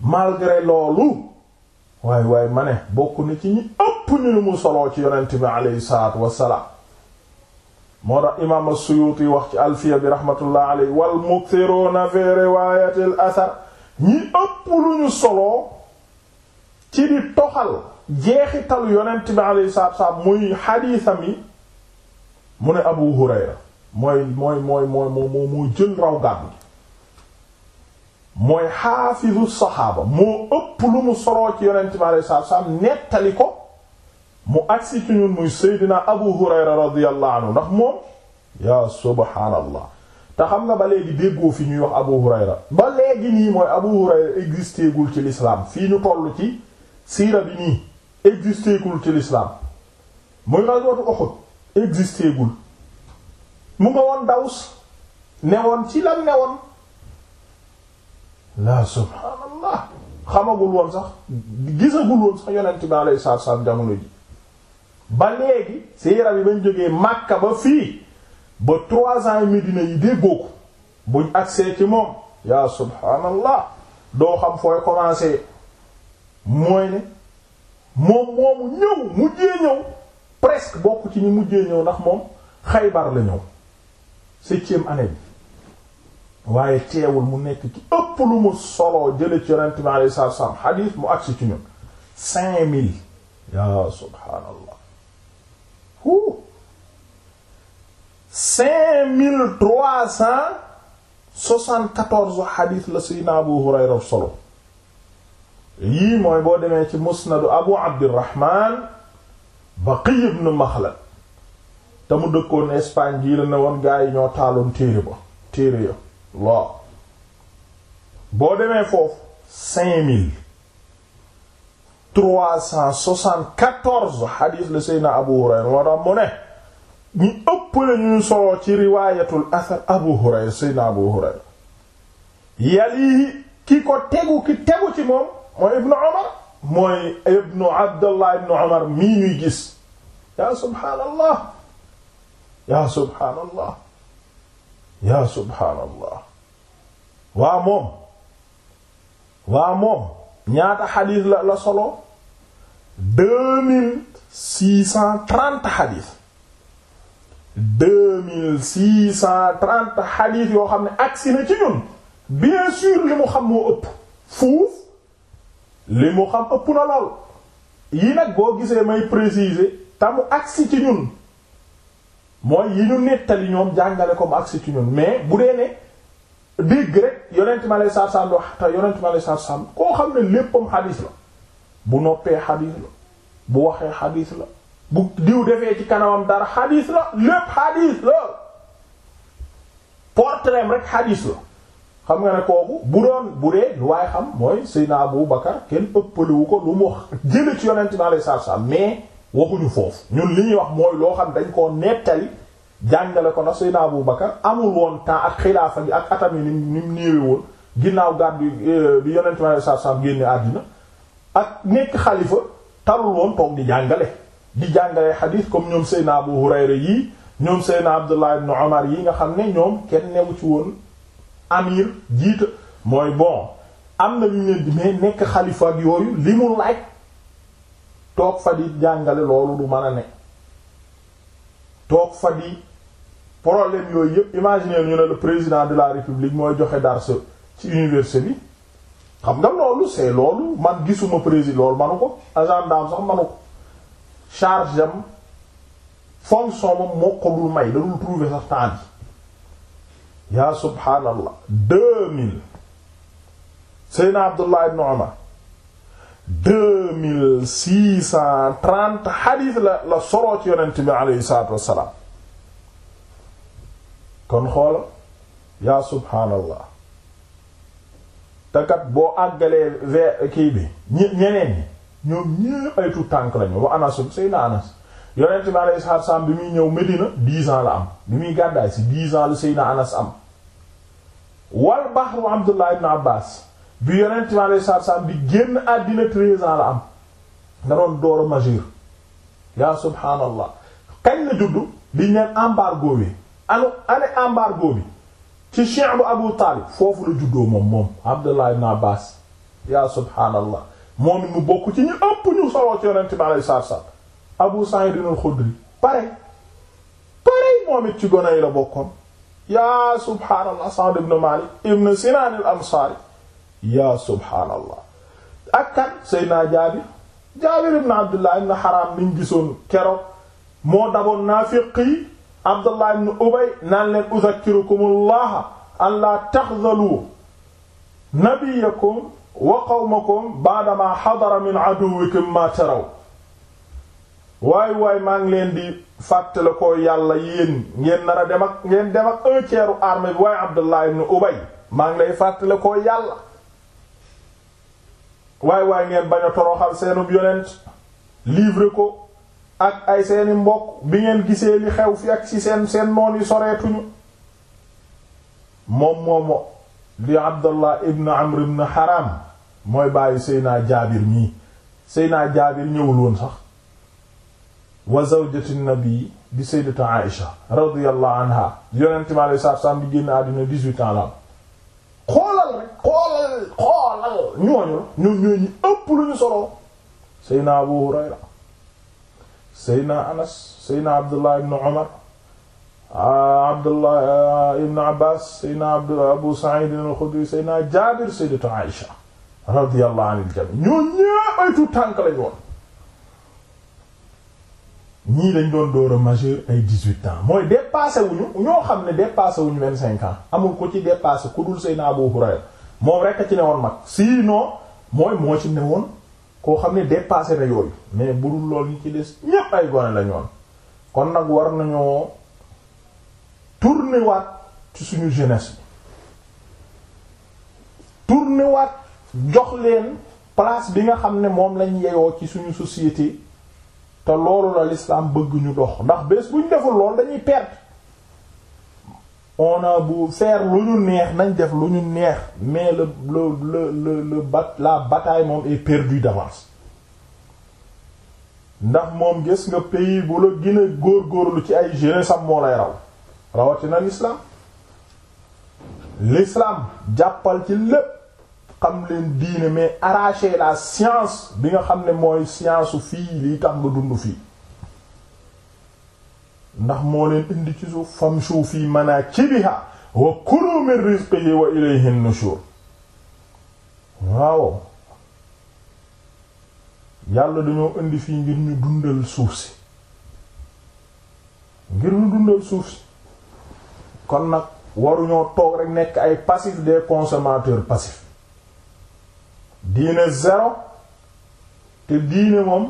malgré loolu waaye waaye ma ne bokk na ci ñi ëpp ñu lu mu soloo ci yonent bi aleyhi salaatu wassalaam moo tax imaam as wax ci alfiya bi rahmatullah aleyhi wal mukthiruna fi riwaayati al ñi ëpp lu ñu soloo ci di toxal jeexital yonent bi alayhi salaatu muy xadiisam yi mu ne Abu Hurayra mooy mooy mooy mooy moo moo jël raw gàddu mooy xaafisu saxaaba moo mu soroo ci yonent bi alayhi salaatu ko mu agsi ci ñun muy Seydina Abu Hurayra radiyallahu anhu ndax moom yaa subhaanallah te xam nga ba léegi déggoo fi ñuy wax Abu Hurayra ba nii mooy Abu Hurayra existé gul ci lislaam fii ñu tollu ci siira bi nii existeegul ci l'islam muy ghazwatu Uhud existeegul mu nga woon Daws newoon ci lan newoon la subhaanallah xamagul woon sax gisagul woon sax yonent bi alayhi salaatu salaam jamono ji ba léegi siira bi bañ jógee Makka ba fii ba trois ans Médina yi déggoo ko buñ agsee ci moom yaa subhaanallah doo xam fooy commencer mooy ne moom moomu ñëw mujjee ñëw presque bokk ci ñu mujjee ñëw ndax moom Xaybar la ñëw septième année bi waaye teewul mu nekk ci ëpp lu mu soloo jële ci yonent bi alayhi salaatu salaam xadiis mu agsi ci ñun cinq yaa subhaanallah hu cinq trois cent soixante-quatorze xadiis la Seydina Abu Hurayra solo yii mooy boo demee ci musnadu abu abdirahman baqiy ibn maxlad te mu dëkkoon Espagne gii la ne woon gaa yi ñoo taaloon téere ba téere ya waaw boo demee foofu cinq mille trois cent soixante la Seydina Abu Hurayra moo tax mu ne ñu ëpp lañuy soloo ci riwaayatul asar Abu Hurayra Seydina Abu Hurayra yali ki ko tegu ki tegu ci moom mooy ibnu omar mooy ibnu abdullah ibnu omar mii ñuy gis yaa subhaanallah yaa subhaanallah yaa subhaanallah waa moom waa moom ñaata xadis la la solo deux mille six cent trente xadis deux mille six cent trente xadis yoo xam ne agsi na ci ñun bien sûr li mu xam moo ëpp fuuf li mu xam ëpp na lool yi nag boo gisee may préciser te mu agsi ci ñun mooy yi ñu nettali ñoom jàngale ko mu agsi ci ñun mais bu dee ne dégg rek yonent ma lay saar saam wax te yonent ma lay koo xam ne léppam xadiis la bu noppee xadiis la bu waxee xadiis la bu diw defee ci kanamam dara xadiis la lépp xadiis la portrait rek xadiis la xam nga ne kooku bu doon bu dee lu waaye xam mooy Seydina Abu Bakar kenn ëppaliwu ko lu mu wax jële ci yonent bi alei satu salaam mais waxuñu foofu ñun li ñuy wax mooy loo xam dañ koo nettali jàngale ko na Seydina Abu Bakar amul woon temps ak xilaafa gi ak atam yi ni mu néewe woon ginnaaw gàddu euh, bi yonent bi alei satu salaam génne àddina ak nekk xalifa tarul woon toog di jàngale di jàngale xadiis comme ñoom Seydina Abu Hurayra yii ñoom Seydina Abdullah ibn Umar yi nga xam ne ñoom kenn newu ci woon amir jiita mooy bon am na ñu leen di mais nekk xalifa ak yooyu li mu laaj toog fa di jàngale loolu du mën a ne toog fa di problème yooyu yëpp imaginer ñu ne la président de la république mooy joxe darse ci université bi xam nga loolu c'est loolu man gisuma président loolu manu ko agent d'am sax manu ko charge am fonction moom dul may da trouver sax temps yaa subhaanallah deux mille Seydina Abdullah ibn Umar deux mille six la la soroo ci yonent bi aleyhi salaatu wassalaam kon xoola yaa subhaanallah takat boo àggalee v kii bi ñi ñeneen ñi ñoom ñépp ay tuut tànk lañu wa Anas Seydina Anas yonent bi alayhi salaatu salaam bi muy ñëw Medina dix ans la am bi muy gàddaay si dix ans la Seydina Anas am wal bahru Abdullah ibn Abbas bi yonent bi alayhi salaatu salaam bi génn àddina treize ans la am nga doon door a majeur yaa subhaanallah kañ la juddu di neen embargo bi anu ane embargo bi ci Cheikh bu Abu Taalib foofu la juddoo moom moom Abdullah ibn Abbas yaa subhaanallah moom mu bokk ci ñu ëpp ñu soloo ci yonent bi alayhi salaatu salaam Abu Sa'id al-Khudri pare pare moom it ci gone yi la bokkoon yaa subhaanallah Sa'd ibn Malik ibn Sinan al-Ansari yaa subhaanallah ak kan Seydina Jaabir Jaabir ibn Abdullah ibn Haram niñ gisoon keroog moo daboon naafiq yi Abdullah ibn Ubay naan leen uzakkirukumullah an la taxzalu nabiyyakum wa qawmakum ba'da ma hadara min aduwwikum ma taraw waay waay maa ngi leen di fàttale ko yàlla yéen ngeen nar a dem ak ngeen dem ak un tiers u bi waaye Abdullah ibn Ubay maa ngi lay fàttale ko yàlla waay waay ngeen bañ a toroxal seenub yonent livre ko ak ay seeni mbokk bi ngeen gisee li xew fi ak ci seen noon yi soreetuñu moom moomu di Abdullah ibn Amr ibn Haram mooy bàyyi Seyna Jaabir mii Seyna Jaabir ñëwul woon sax wa zawjati nabi di sayyidatu Aïsha radiyallahu anha yonent mi alayhi salaatu salaam di génn àddina dix-huit ans la xoolal rek xoolal xoolal ñooñu ñoom ñooy ñi ëpp lu ñu solo Seydina Abu Hurayra Seydina Anas Seydina Abdullah ibn Umar ah, Abdullah ah, ibn Abbas Seydina Abdullah Abu Sa'id al-Khudri Seydina Jaabir sayyidatu Aïsha radiyallahu anil jami ñoo ñëpp ay tuut tànk lañu woon ñii dañ doon door a majeur ay dix-huit ans mooy dépassé wuñu ñoo xam ne dépassé wuñu vingt-cinq ans amul ko ci dépassé ku dul Seydina Abu Hurayra moom rek a ci ne woon mag sinon mooy moo ci ne woon koo xam ne dépassé na yooyu mais bu dul lool ñu ci des ñépp ay gone la ñoon kon nag war nañoo tourner waat ci suñu jeunesse bi tourner waat jox leen place bi nga xam ne moom lañ yeyoo ci suñu société te loolu la l'islam bëgg ñu dox ndax bés bu ñu deful lool dañuy perdre on bu faire lu ñu neex nañ def lu ñu neex mais le le le la bataille moom est perdue d'avance ndax moom gis nga pays bu la gën a góorgóorlu ci ay jeunesse am moo lay raw rawatina l'islam l'islam jàppal ci lépp. xam leen diine mais arracher la science bi nga xam ne mooy science su fii lii tax nga dund fii ndax moo leen indi ci suuf famshu fii manakibiha wa kulu min rizqihi wa ilayhi nushur waaw yàlla dañoo indi fii ngir ñu dundal suuf si ngir ñu dundal suuf si kon nag waruñoo toog rek nekk ay passifs des consommateurs passifs diine zéro te diine moom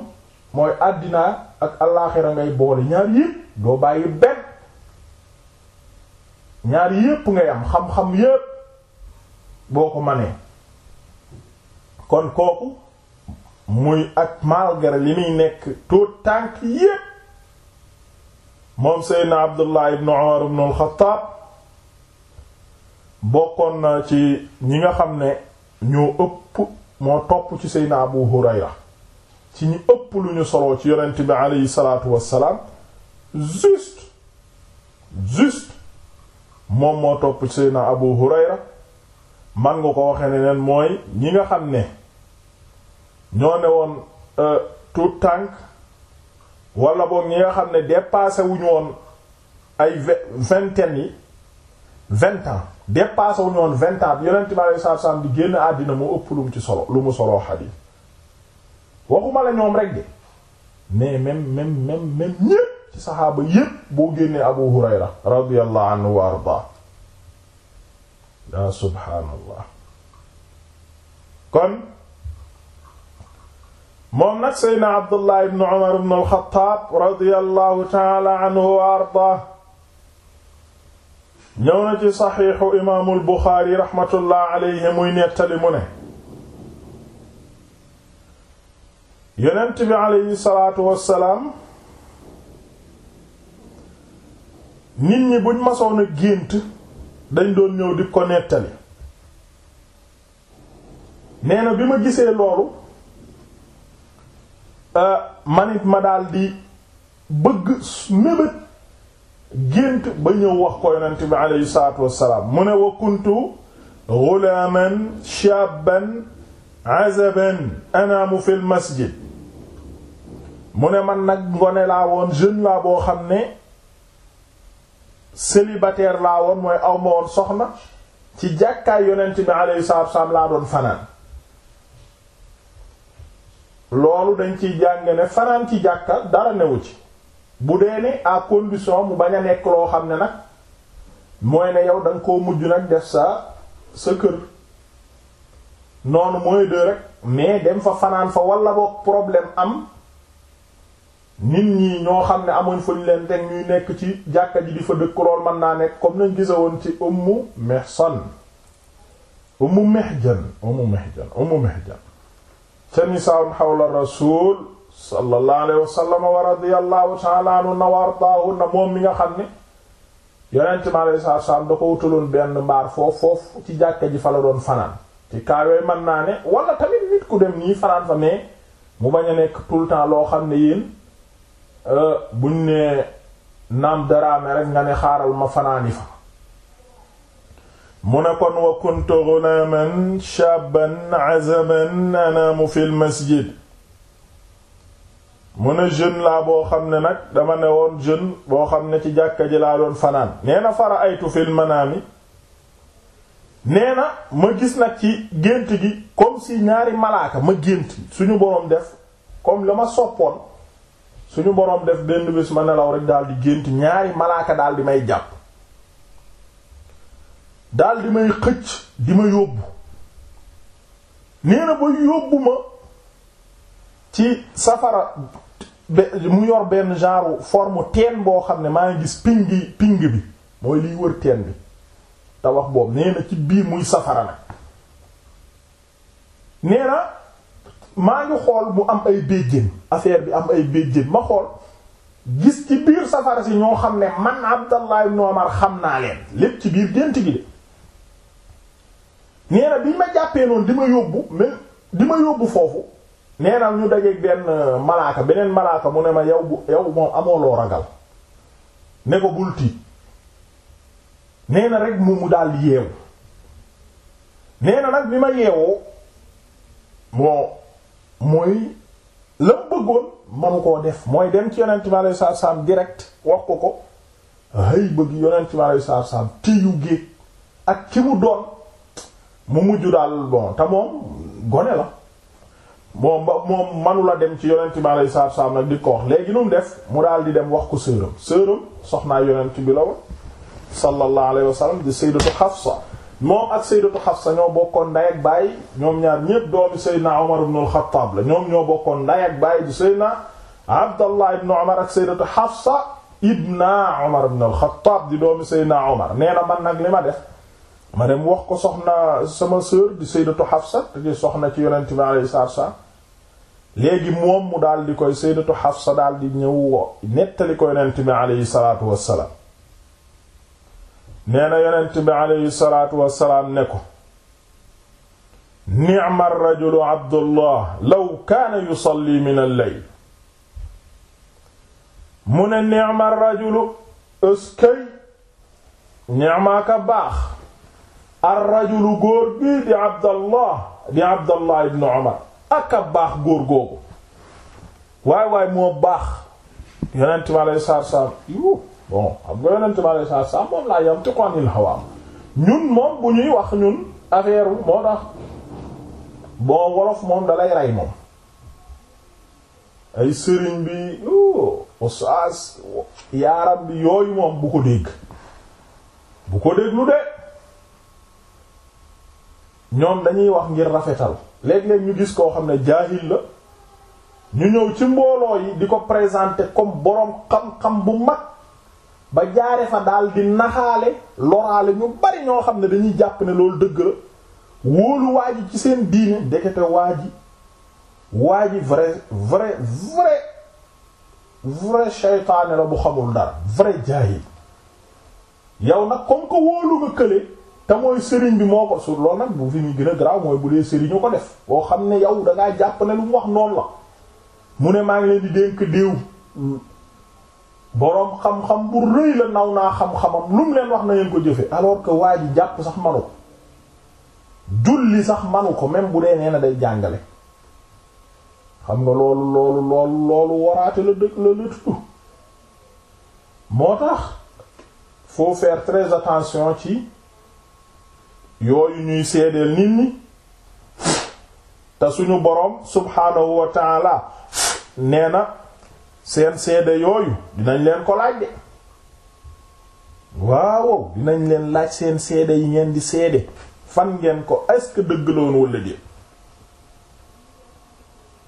mooy àddina ak allaaxira ngay boole ñaar yépp doo bàyyi benn ñaar yépp ngay am xam-xam yépp boo ko manee kon kooku muy ak malgré li muy nekk tout tànk yépp moom seydna Abdullah ibn Umar ibn al bokkoon na ci ñi nga xam ne ñoo ëpp moo topp ci Seydina Abu Hurayra ci ñu ëpp lu ñu soloo ci yonent bi aleyhi salaatu wassalaam juste juste moom moo topp ci Seydina Abu Hurayra man nga ko waxee ne leen mooy ñi nga xam ne ñoo ne woon euh, tout tànk wala boog ñi nga xam ne dépassé wuñu woon ay vingtaine yi vingt ans dépassé wu ñoon vingt ans bi yonent bi alei satu salaam bi génn àddina mu ëpp lu mu ci lu mu soloo xadis waxuma la ñoom rek de mais même même même même ñépp ci saxaaba yépp boo Abu Hurayra radiyallahu anhu wa arda ya subhaanallah kon moom nag Abdullah ibn Umar ibn al-Khattab ta'ala anhu wa ñëw na ci saxiixu imaamul buxaari raxmatullah alayhi muy nettali mu ne yonent bi alayhi salaatu wassalaam nit ñi buñ masoon a gént dañ doon ñëw di ko nettali nee bi ma gisee loolu manit euh, ma daldi bëgg mébét gént ba ñëw wax ko yonent bi aleyhi salaatu wassalaam mu ne wa kuntu ghulaman shaban azaban anaamu fil masjid mu ne man nag ngone laa woon jeune laa boo xam ne célibataire laa woon mooy aw ma woon soxna ci jàkkaay yonent bi aleyhi salaatu laa doon fanaan loolu dañ ciy jàng ne fanaan ci jàkka dara newu ci bu dee ne à condition mu bañ a nekk loo xam ne nag mooy ne yow da koo mujj nag def sa sa kër noonu mooy de rek mais dem fa fanaan fa wala boog problème am nit ñi ñoo xam ne amuñ fa ñu leen teg ñuy nekk ci jàkka ji di fa dëkk lool mën naa nekk comme nañ gisa woon ci ummu mihsan ummu mihjan ummu mihjan ummu mihjan ca nisaawun xawla rasul sallallahu wa sallam wa radiyallahu ta'ala anhu na wartaahu na moom mi nga xam ne yonent mi alayhi salaatu salaam da ko wutaloon benn mbaar foofu foofu ci jàkka ji fa la doon fanaan ci kaawee mën naa ne wala tamit nit ku dem nii fanaan fa mais mu bañ nekk tout le temps loo xam ne yéen euh, buñ ne naam daraame rek nga ne xaaral ma fanaani fa mu ne kon wa kuntu ghulaman shaban azaban anamu fil masjid mu ne jeune laa boo xam ne nag dama ne woon jeune boo xam ne ci jàkka ji laa doon fanaan nee na fara aytu fil manaami nee na ma gis nag ci gént gi comme si ñaari malaaka ma gént suñu boroom def comme la ma soppoon suñu boroom def benn bés ma nelaw rek daal di gént ñaari malaaka daal di may jàpp daal di may xëcc di ma yóbbu nee na ba yóbbu ma ci safara mu yor benn genre forme teen boo xam ne maa ngi gis ping ping bi mooy liy wër teen bi te wax boobu nee ci biir muy safara nag nee maa ngi xool mu am ay béjjén affaire bi am ay béjjén ma xool gis ci biir safara si ñoo xam ne man Abdallah ibn Umar xam naa leen lépp ci biir gént gi de nee na biñ ma jàppee noonu di ma yóbbu même di ma yóbbu foofu nee na ñu dajeeg benn euh, malaaka beneen malaaka mu ne ma yow bu yow moom amoo loo ragal ne ko bul tiit nee na rek mu mu daal yeewu nee na nag bi ma yeewoo bon mooy la mu bëggoon manu koo def mooy dem ci yonent mi alayhi salaatu salaam direct wax ko ko hëy bëgg yonent mi alayhi salaatu salaam téyu géeg ak ci mu doon mu mujj daal bon te moom gone la moom ba moom manula dem ci yonent bi alayhi salaatu salaam nag di ko wax léegi nu def mu daal di dem wax ko sëram sëram soxna yonent bi la woon sallallahu alayhi wa sallam di sayyidatu Xafsa moom ak sayyidatu Xafsa bokkoon nday baay ñoom ñaar ñépp doomi sayyidina Umar ibn al la ñoom ñoo bokkoon nday ak baay di sayyidina Abdallah ibn Umar ak sayyidatu Xafsa ibna Umar ibn al-Khattab di doomi sayyidina Umar nee na man nag li ma def ma wax ko soxna sama sœur di sayyidatu soxna ci yonent bi alayhi salaatu salaam léegi moom mu daal di koy sayyidatu Hafsa daal di ñëw wo nettali ko yonent bi aleyhi salaatu wassalaam nee na yonent bi aleyhi salaatu wassalaam ne ko ni'ma ar-rajulu Abdullah law kaana yusalli min al-layl mu ne ni'ma ar-rajulu ëskay ni'ma ka baax ar-rajulu góor bi di Abdallah di Abdallah ibn Umar aka baax góor googu waay waay moo baax yonent mi aleyhi salaatu salaam moom laa yantiqu anil hawaa ñun moom bu ñuy wax ñun affaire moo tax bon wolof moom dalay rey moom ay sëriñ bi yaaram bi yooyu moom bu ko dégg bu ko déglu de ñoom dañuy wax ngir rafetal léeg-léeg ñu gis koo xam ne jaahil la ñu ñëw ci mbooloo yi di ko présenter comme boroom xam-xam bu mag ba jaare fa daal di naxaale loraale ñu bari ñoo xam ne dañuy jàpp ne loolu dëgg la wóolu waa ji ci seen diine ndekete waa ji waa ji vrai vrai vrai vrai seytaane la bu xamul dara vrai jaahil yow nag comme que wóolu nga kële te mooy sëriñ bi moo ko sur loolu nag bu fi muy gën a mooy bu dee sëriñu ko def boo xam ne yow dangaa jàpp ne lu mu wax noonu la mu ne maa ngi leen di dénk diw boroom xam-xam bu rëy la naw naa xam-xamam lu mu leen wax na ngeen ko jëfe alors que waa ji jàpp sax manu ko julli sax manu ko même bu dee nee na day jàngale xam nga loolu loolu loolu loolu waraate la dëkk la la moo tax faut faire très attention ci yooyu ñuy seedeel nit ñi te suñu boroom subhaanahu wa taala nee na seen seede yooyu dinañ leen ko laaj de waaw dinañ leen laaj seen seede yi ngeen di seede fan ngeen ko est-ce que dëgg la woon walla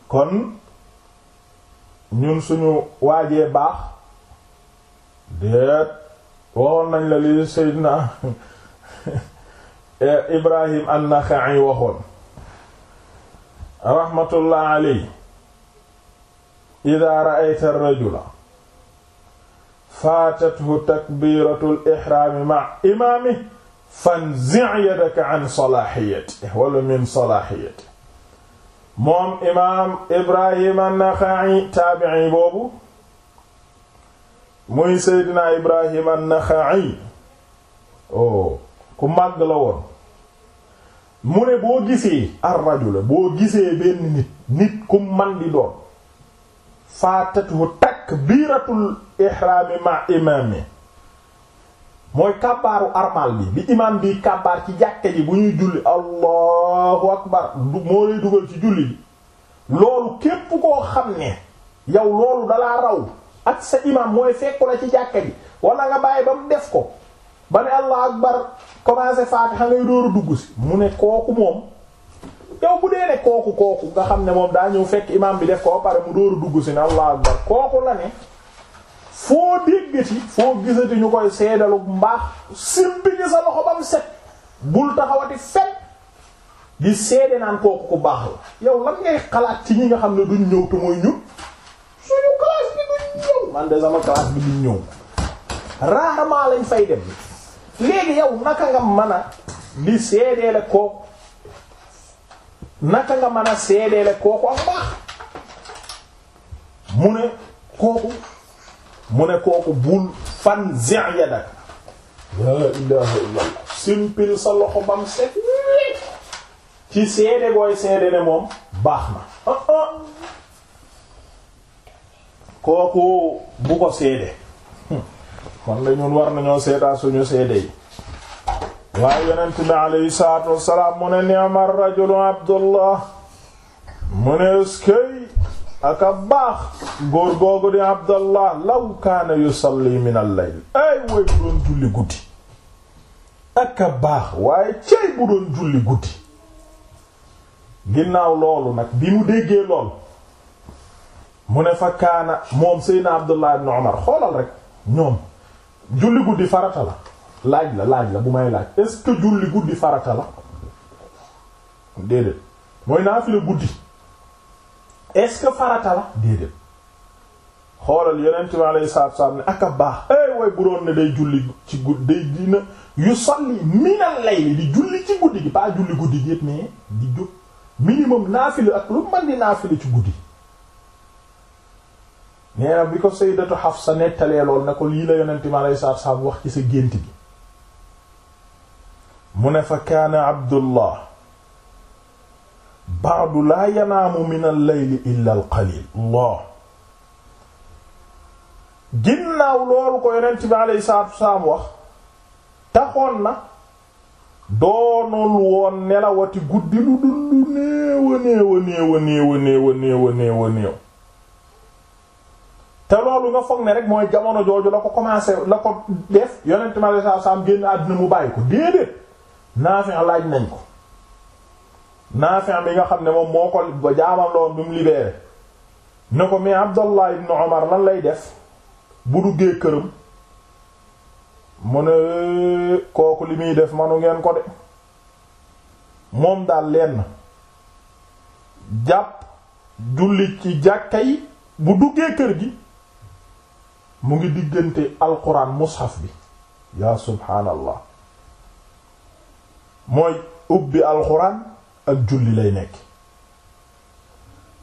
kon ñun suñu waajee baax déet waxoon nañ la li Seydina Eh, Ibrahim an-Naxa'i waxoon raxmatullah alayhi idaa ra'ayta ar-rajula faatathu takbiiratul ihraami ma'a imaamihi fanzi' yadaka an salaahiyatihi wala min salaahiyatihi moom imaam Ibrahim an-Naxa'i taabi'i boobu muy Seydina Ibrahim an-Naxa'i oh ku màgg la woon mu ne boo gisee ar-rajula boo gisee benn nit nit ku man di doon faatatuhu takbiratul ihraami ma imaami mooy kàbbaaru armal bi bi imaam bi kàbbaar ci jàkke ji bu ñuy julli allahu akbar moo lay dugal ci julli bi loolu képp koo xam ne yow loolu dalaa raw ak sa imaam mooy fekku la ci jàkke ji wala nga bàyyi ba mu def ko ba ne allah akbar commencé faatixa ngay dóoru dugg si mu ne kooku moom yow bu dee ne kooku kooku nga xam ne moom daa ñëw fekk imam bi def ko pare mu dóoru dugg si ne allah kooku la ne foo déggati foo gisati ñu koy seedalu mbaax simbi gi sa loxo ba mu set bul taxawati fet di seede naan kooku ku baax la yow lan ngay xalaat ci ñi nga xam ne duñ ñëw te mooy ñun suñu classe bi duñ ñëw man de sama classe bi duñ ñëw rarement lañ fay dem léegi yow naka nga mën a di la kooku naka nga mën a seedeele kooku ak baax mu ne kooku mu ne kooku bul fan zen yadak laa ilaha illallah simpil sa loxo bam set ci seede gooy seede ne moom baax na ah, ah. kooku bu ko seede kon la war nañoo seetaa suñu seede yi waaye yonent bi aleyhi salaatu wassalaam mu ne ni'ma rajulu abdullah mu ne eskey ak a baax góor googu di abdallah law kaana yusalli min al ay way bu doon julli guddi ak baax waaye cey bu doon julli guddi ginnaaw loolu nag bi mu déggee lool mu ne fa kaana moom seydna abdullah ibn umar xoolal rek ñoom julli guddi farata la laaj la laaj la bu may laaj est-ce que julli guddi farata la déedéet mooy naafila guddi est-ce que farata la déedéet xoolal yonent bi alayhi salaatu wassalaam ne ak a baax ay way bu doon ne day julli ci guddi day dina yu salli minal layli di julli ci guddi gi pas julli guddi gi yépp minimum naafila ak lu mën di naafila ci guddi nee na bi ko sayyidatu Hafsa nettalee lool ne ko lii la yonent mi alayhi salaatu salaam wax ci sa gént gi mu ne fa kaana Abdullah ba'du laa yanaamu min al-layli illa al ginnaaw loolu ko yonent bi alayhi salaatu salaam wax taxoon na doonul woon nelawati guddi lu dul lu néewa néewa néewa néewa néewa néewa néew te loolu nga foog ne rek mooy jamono jooju la ko commencé la ko def yonent ma saa saam génn àdduna mu bàyyi ko déedéet Naafi laaj nañ ko Naafi mi nga xam ne moom moo ko ba bi mu libéré ne ko mais Abdallah ibn Omar lan lay def bu duggee këram mu ne kooku li muy def manu ngeen ko de moom daal lenn jàpp jullit ci jàkka yi bu duggee kër gi mu ngi diggante alxuraan mushaf bi yaa subhaanallah mooy ubbi alxuraan ak julli lay nekk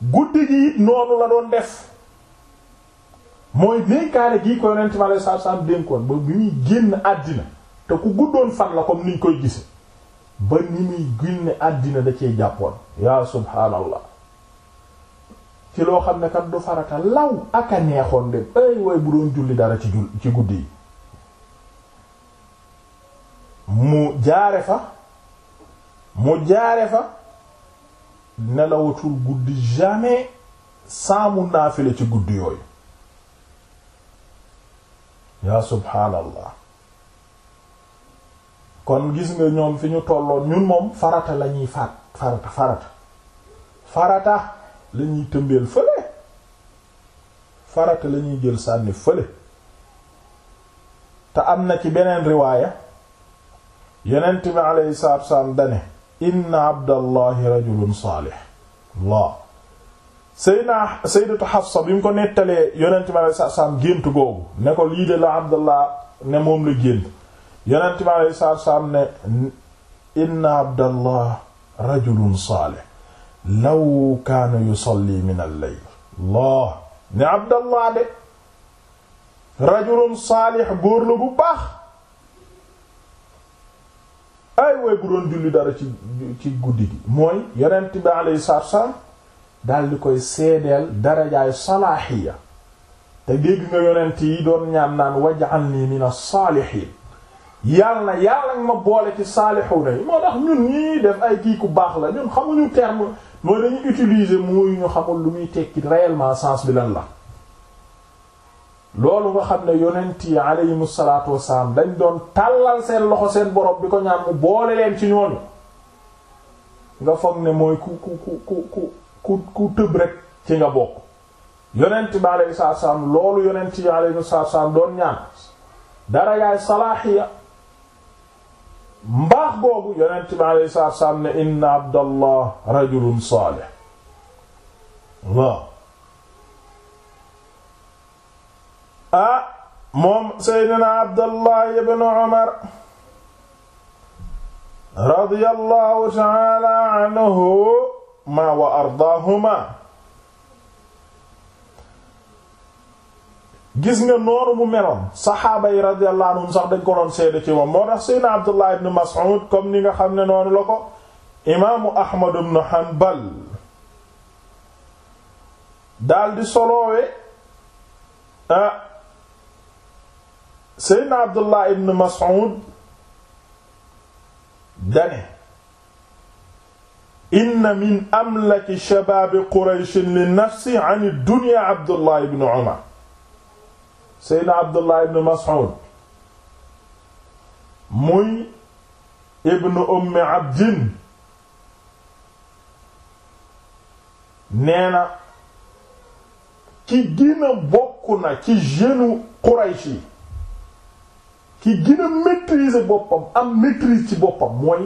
guddi gi it noonu la doon def mooy dénkaane gii ko yonent mi alei satu salaam dénkoon ba bi muy génn àddina te ku guddoon fan la comme niñ koy gise ba ni muy génn àddina da cee jàppoon yaa subhaanallah ci loo xam ne kat du farata law ak a neexoon de ay way bu doon julli dara ci guddi yi mu jaare fa mu jaare fa nelawatul guddi jamais sans mu ci guddi yooyu yaa subhaanallah kon gis nga ñoom fi ñu tolloon ñun moom farata lañuy faat farata farata farata la ñuy tëmbeel fële farata la ñuy jël sànni fële te am na ci beneen riwaaya yonent bi aleyhi salaatu wasalaam dane inna abdallahi rajulun saalih Allah Seyna Sayyidatu bi mu ko nettalee yonent bi aleyhi salaatu wasalaam gént googu ne la abdallah ne moom la gént yonent bi aleyhi saalih law kaana yusalli min al-layl Allah ne Abdallah de rajulun saalix góor la bu baax ay way bu doon julli dara ci ci guddi gi mooy yonent bi alayhi salaatu salaam dal di koy seedeel darajaay salaaxiya te dégg nga yonent yi doon ñaan naan waj'alni min as-saalixiin yàlla yàlla nga ma boole ci saalixuuna yi moo tax ñun ñii def ay kii ku baax la ñun xamuñu terme mooy dañuy utiliser yu ñu xamul lu muy tekki réellement sens bi lan la loolu nga xam ne yonent yi aleyhimu salaatu wassalaam dañ doon tàllal seen loxo seen borom bi ko ñaan mu boole leen ci ñooñu nga foog ne mooy ku ku ku ku ku ku tëb rek ci nga bokk yonent bi aleyhimu salaatu wassalaam loolu yonent yi aleyhimu salaatu wassalaam doon ñaan dara yaay salaaxiya mbaax googu yonent bi alayhi salaatu salaam ne inna abdallah rajulun saalih waaw ah moom seydina abdallah ibn umar radiyallahu ta'ala anhu ma wa ardaahuma gis nga noonu mu meloon saxaaba yi radiyallahu anhum sax dañ ko doon seede ci moom moo tax seydna abdullah ibn mas'ud comme ni nga xam ne noonu la ko imaamu ahmad ibn hanbal daldi soloowe ah seydna abdullah ibn mas'ud dane inna min amlaki shabaabi qurayshin li nafsi an ad-dunya abdullah ibn umar seydna abdullah ibn mas'ud muy ibn ummi abdin nee na ki gën bokk na ci jeune Quraysh ki gën a maîtriser boppam am maîtrise ci boppam mooy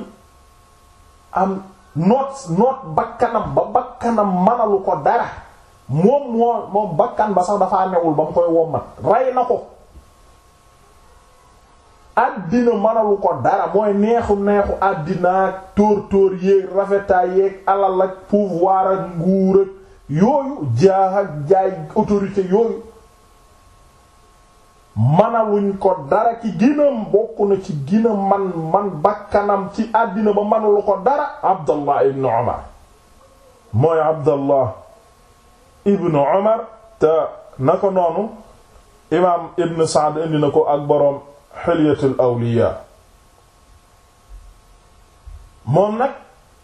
am noot noot bakkanam ba bakkanam manalu ko dara moom moom bakkan ba sax dafaa newul ba mu koy wommat rey na ko àddina mënalu ko dara mooy neexu neexu àddinaak tóor tóor yéeg rafetaay yéeg alal ak pouvoir ak nguur ak yooyu jaax ak jaay autorité yooyu mënaluñ ko dara ci ginam bokk na ci gina man man bakkanam ci àddina ba mënalu ko dara abdallah ibn umar mooy abdallah ibnu Umar te na ko noonu imaam ibn Sa'd indi na ko ak boroom Hilyatul Awliya moom nag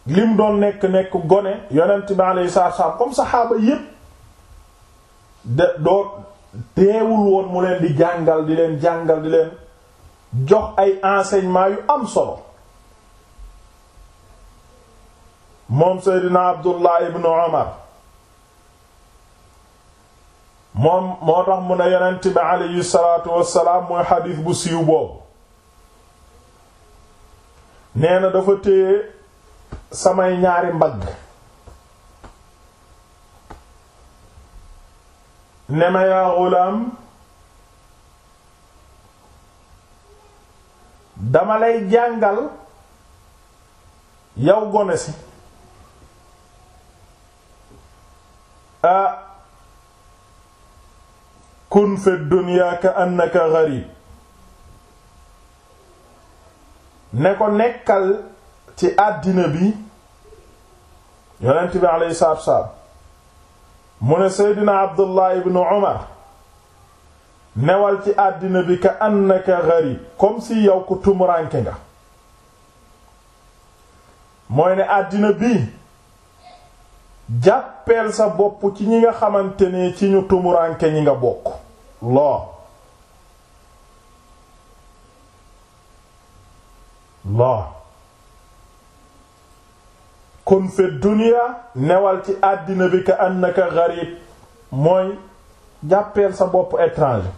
lim doon nekk nekk gone yonent bi alayhi salaatu salaam comme saxaaba yépp doo deewul woon mu leen di jàngal di leen jàngal di leen jox ay enseignement yu am solo moom Seydina Abdullah ibn Umar moom moo tax mu ne yonent bi aleyhi salaatu wassalaam mooy xadiis bu siiw boobu nee na dafa téye samay ñaari mbagg ne ma yaa xulaam dama lay jàngal yow gone si ah, kun fi dunya ka annaka gharib ne ko nekkal ci àddina bi yonent bi alayhi salaatu wassalaam mu ne seydina abdullah ibn umar newal ci àddina bi ka annaka gharib comme si yow ku tumuranke nga mooy ne àddina bi jàppeel sa bopp ci ñi nga xamante ne ci ñu tumuranke ñi nga bokk loo loo kun fi dunya newal ci àddina bi ka annaka gharib mooy jàppeel sa bopp étranger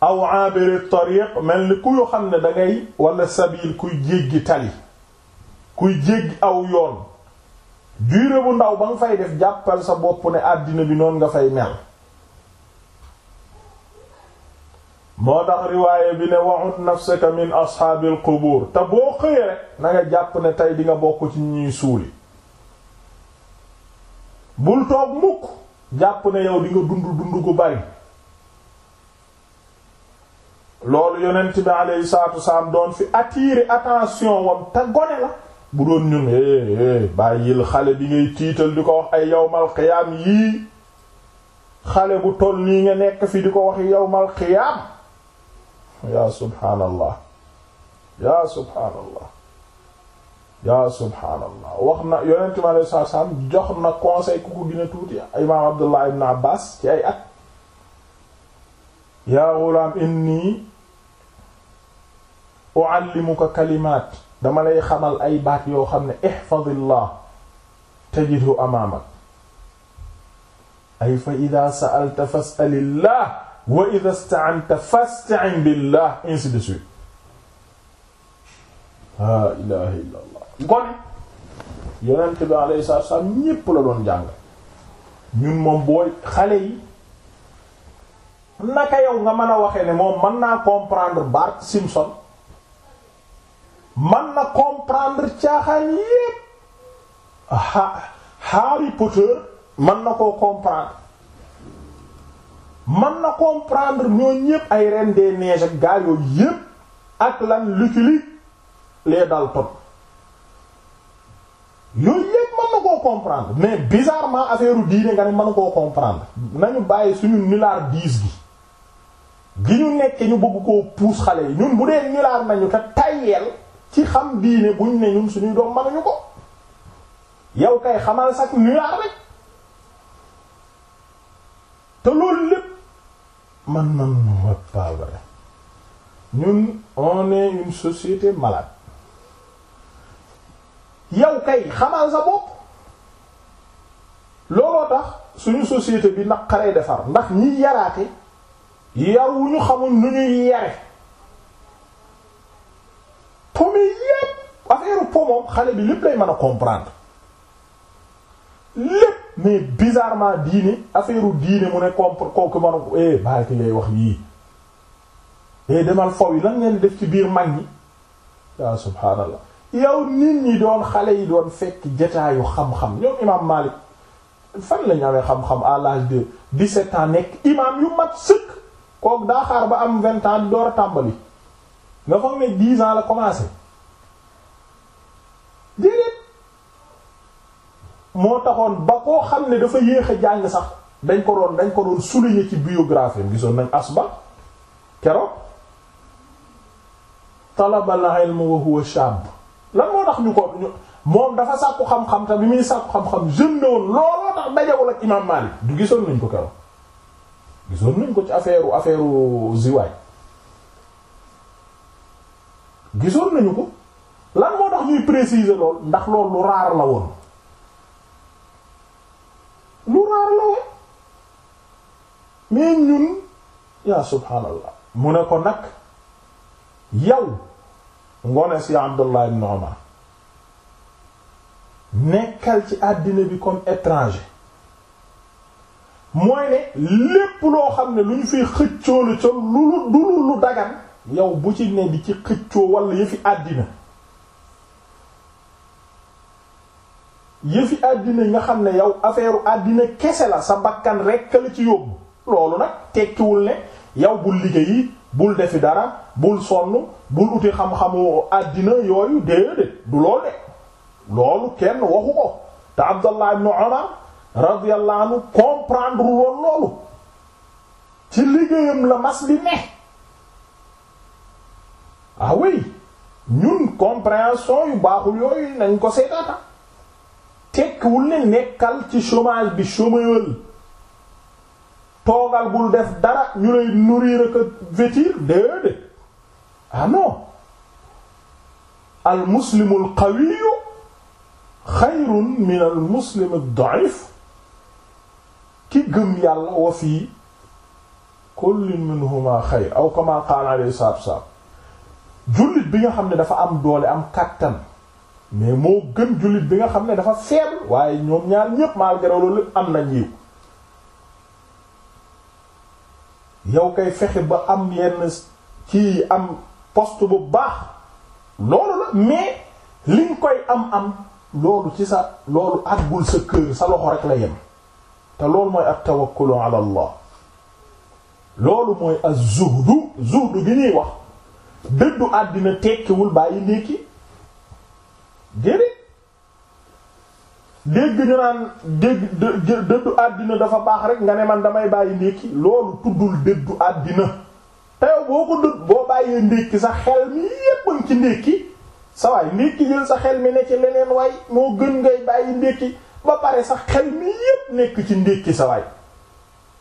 aw abiri tariq mel ni ku yoo xam ne dangay wala sabil kuy jéggi tali kuy jéggi aw yoon durée bu ndaw ba nga fay def jàppal sa bopp ne àddina bi noonu nga fay mel moo tax riwaaye bi ne wa'ud nafsaka min ashaabil qubuur te boo xëyee rek na jàpp ne tey di nga bokk ci ñuy suuli bul toog mukk jàpp ne yow di dund dund gu bari loolu yonent bi alayhi salaatu wasalaam doon fi attirer attention wam te gone la bu doon ñun bàyyil xale bi ngay tiital di ko wax ay yawmal qiyaam yii xale bu toll nii nga nekk fi di ko wax yawmal qiyaam yaa subhaanallah yaa subhaanallah yaa wax na yonent mi alayhi salaatu salaam jox na conseil ku ko gën a tuuti imaam Abdullah ibn Abbas ci ay at yaa ghulaam inni u'allimuka kalimaat dama lay xamal ay baat yoo xam ne ihfazillah tajidhu amaamak ay fa ida sa'alta fas'alillah wa ida sta'anta fasta'in billah ainsi de suite laa ilaha illa gone yonent bi alayhi salaatu la doon jàng ñun moom booy xale yi naka yow nga mën a waxee ne moom mën naa comprendre Bart Simpson man na comprendre caaxaan yépp Harry Potter man na koo comprendre man na comprendre ñooñ ñépp ay reine des neiges ak gaa yooyu yépp ak lan likili les Dalton yooyu yépp man na koo comprendre mais bizarrement affaire diine nga ne mën na koo comprendre nañu bàyyi suñu nilaar diis gi gi ñu nekke ñu bëgg koo puus xale yi ñun bu dee nilaar nañu te tayyeel ci xam diine buñ ne ñun suñuy doom mënuñu ko yow kay xamal sax nuyaar rek te loolu lépp man man ma pas ñun on est une société malade yow kay xamal sa bopp looloo tax suñu société bi naqaree defar ndax ñi yaraate yar wu ñu xamul nu ñuy yare pomme yépp affaire po xale bi lépp lay man a comprendre lépp mais bizarrement diine affaire diine mu ne compre kooku mën a eh lay wax yii eh demal faw yi lan ngeen def ci biir mag ñi yaa subhaanallah yow nit ñi doon xale yi doon fekk jataayu xam-xam ñoom imaam Maalik fan la ñu amee xam-xam à l'âge de 17 ans nekk imaam yu mat sëkk kooku daa ba am 20 ans door tàmbali. nga foog ne dix la commencé déedéet moo taxoon ba koo xam ne dafa yéex a jàng sax dañ ko doon dañ ko doon souligner ci biographie gisoon nañ asba keroog talabal ilm wa huwa shab lan moo tax ñu ko moom dafa sàkku xam-xam te bi muy sàkku xam-xam jeune woon looloo tax dajawul ak imam Malik du gisoon nañ ko keroog gisoon nañ ko ci affaire affaire ziwaay gisoon nañu ko lan moo tax ñuy préciser lool ndax loolu lu raar la woon lu raar la woon mais ñun yaa subhaanallah mu ne ko nag yow ngone si Abdullah ibn Umar nekkal ci àddina bi comme étranger mooy ne lépp loo xam ne lu ñu fiy xëccoo la ca lu lu du lu dagan yow bu ci ne di ci xëccoo wala yëfi àddina yëfi àddina yi nga xam ne yow affaire àddina kese la sa bakkan rekk la ci yóbbu loolu nag tekkiwul ne yow bul liggéeyi bul defi dara bul sonn bul uti xam-xamu àddina yooyu déedéet du loolu de loolu kenn waxu ko te Abdallah ibn Umar radiyallahu anhu comprendre loolu ci liggéeyam la mas ne ah oui ñun compréhension yu baaxul yooyu nañ ko seetaata tekkiwul ne nekkal ci chômage bi chômeur toogal bul def dara ñu lay nourrir ak vêtir déedéet ah non al muslimu al qawiyu xayrun al muslim ki gëm yàlla wa fii kullin minhuma xayr aw kama qaala alayhi salaatu wa bi nga xam ne dafa am doole am kàttan mais moo gën jullit bi nga xam ne dafa faible waaye ñoom ñaar ñépp malgré loolu am na yiw yow kay fexe ba am yenn ci am poste bu baax loolu la mais liñ koy am am loolu ci sa loolu àggul sa kër sa loxo rek la yem te loolu mooy ak tawakkulu ala loolu mooy az-zuhdu zuhdu gi ñuy wax dëddu àddina tekkiwul bàyyi ndékki déedéet dégg ñu naan dégg dëddu àddina dafa baax rek nga ne man damay bàyyi ndékki loolu tuddul dëddu àddina te boo ko dëdd boo bàyyee ndékki sa xel mi yépp ci ndékki sa waay ndékki jël sa xel mi ne ci leneen waay moo gën ngay bàyyi ndékki ba pare sa xel mi yépp nekk ci ndékki sa waay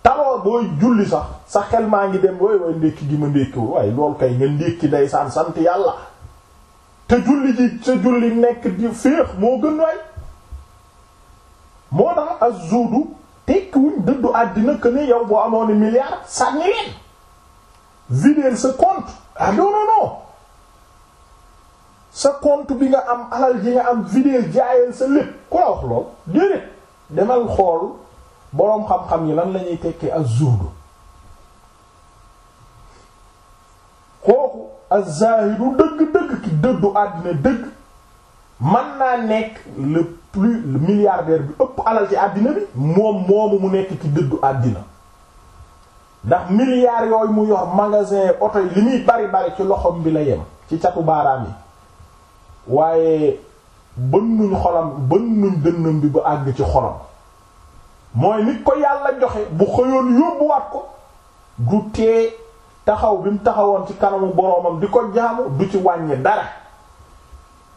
talool booy julli sax sa xel maa ngi dem way way ndékki gi ma ndékkiwul waaye loolu kay nga ndékki day san sant yàlla te julli ji sa julli nekk di féex moo gën way moo tax az-zuudu tekkiwuñ dëddu àddina que ne yow boo amoon milliard sànni leen videel sa compte ah sa compte bi nga am alal ji nga am videel jaayal sa lépp ku lool déedéet demal xool boroom xam-xam yi lan lañuy ñuy ak az-zuhdu kooku ak zaahidu dëgg-dëgg ki dëddu àddina dëgg man naa nekk le plus le bi ëpp alal ci àddina bi moom moomu mu nekk ci dëddu àddina ndax milliards yooyu mu yor magasin oto yi li muy bari bari ci loxom bi la yem ci catu baaraam yi waaye bën nuñ xolam bën nuñ dënnam bi ba àgg ci xolam mooy nit ko yàlla joxe bu xëyoon yóbbuwaat ko du tee taxaw bi mu taxawoon ci kanamu boromam di ko jaamu du ci wàññi dara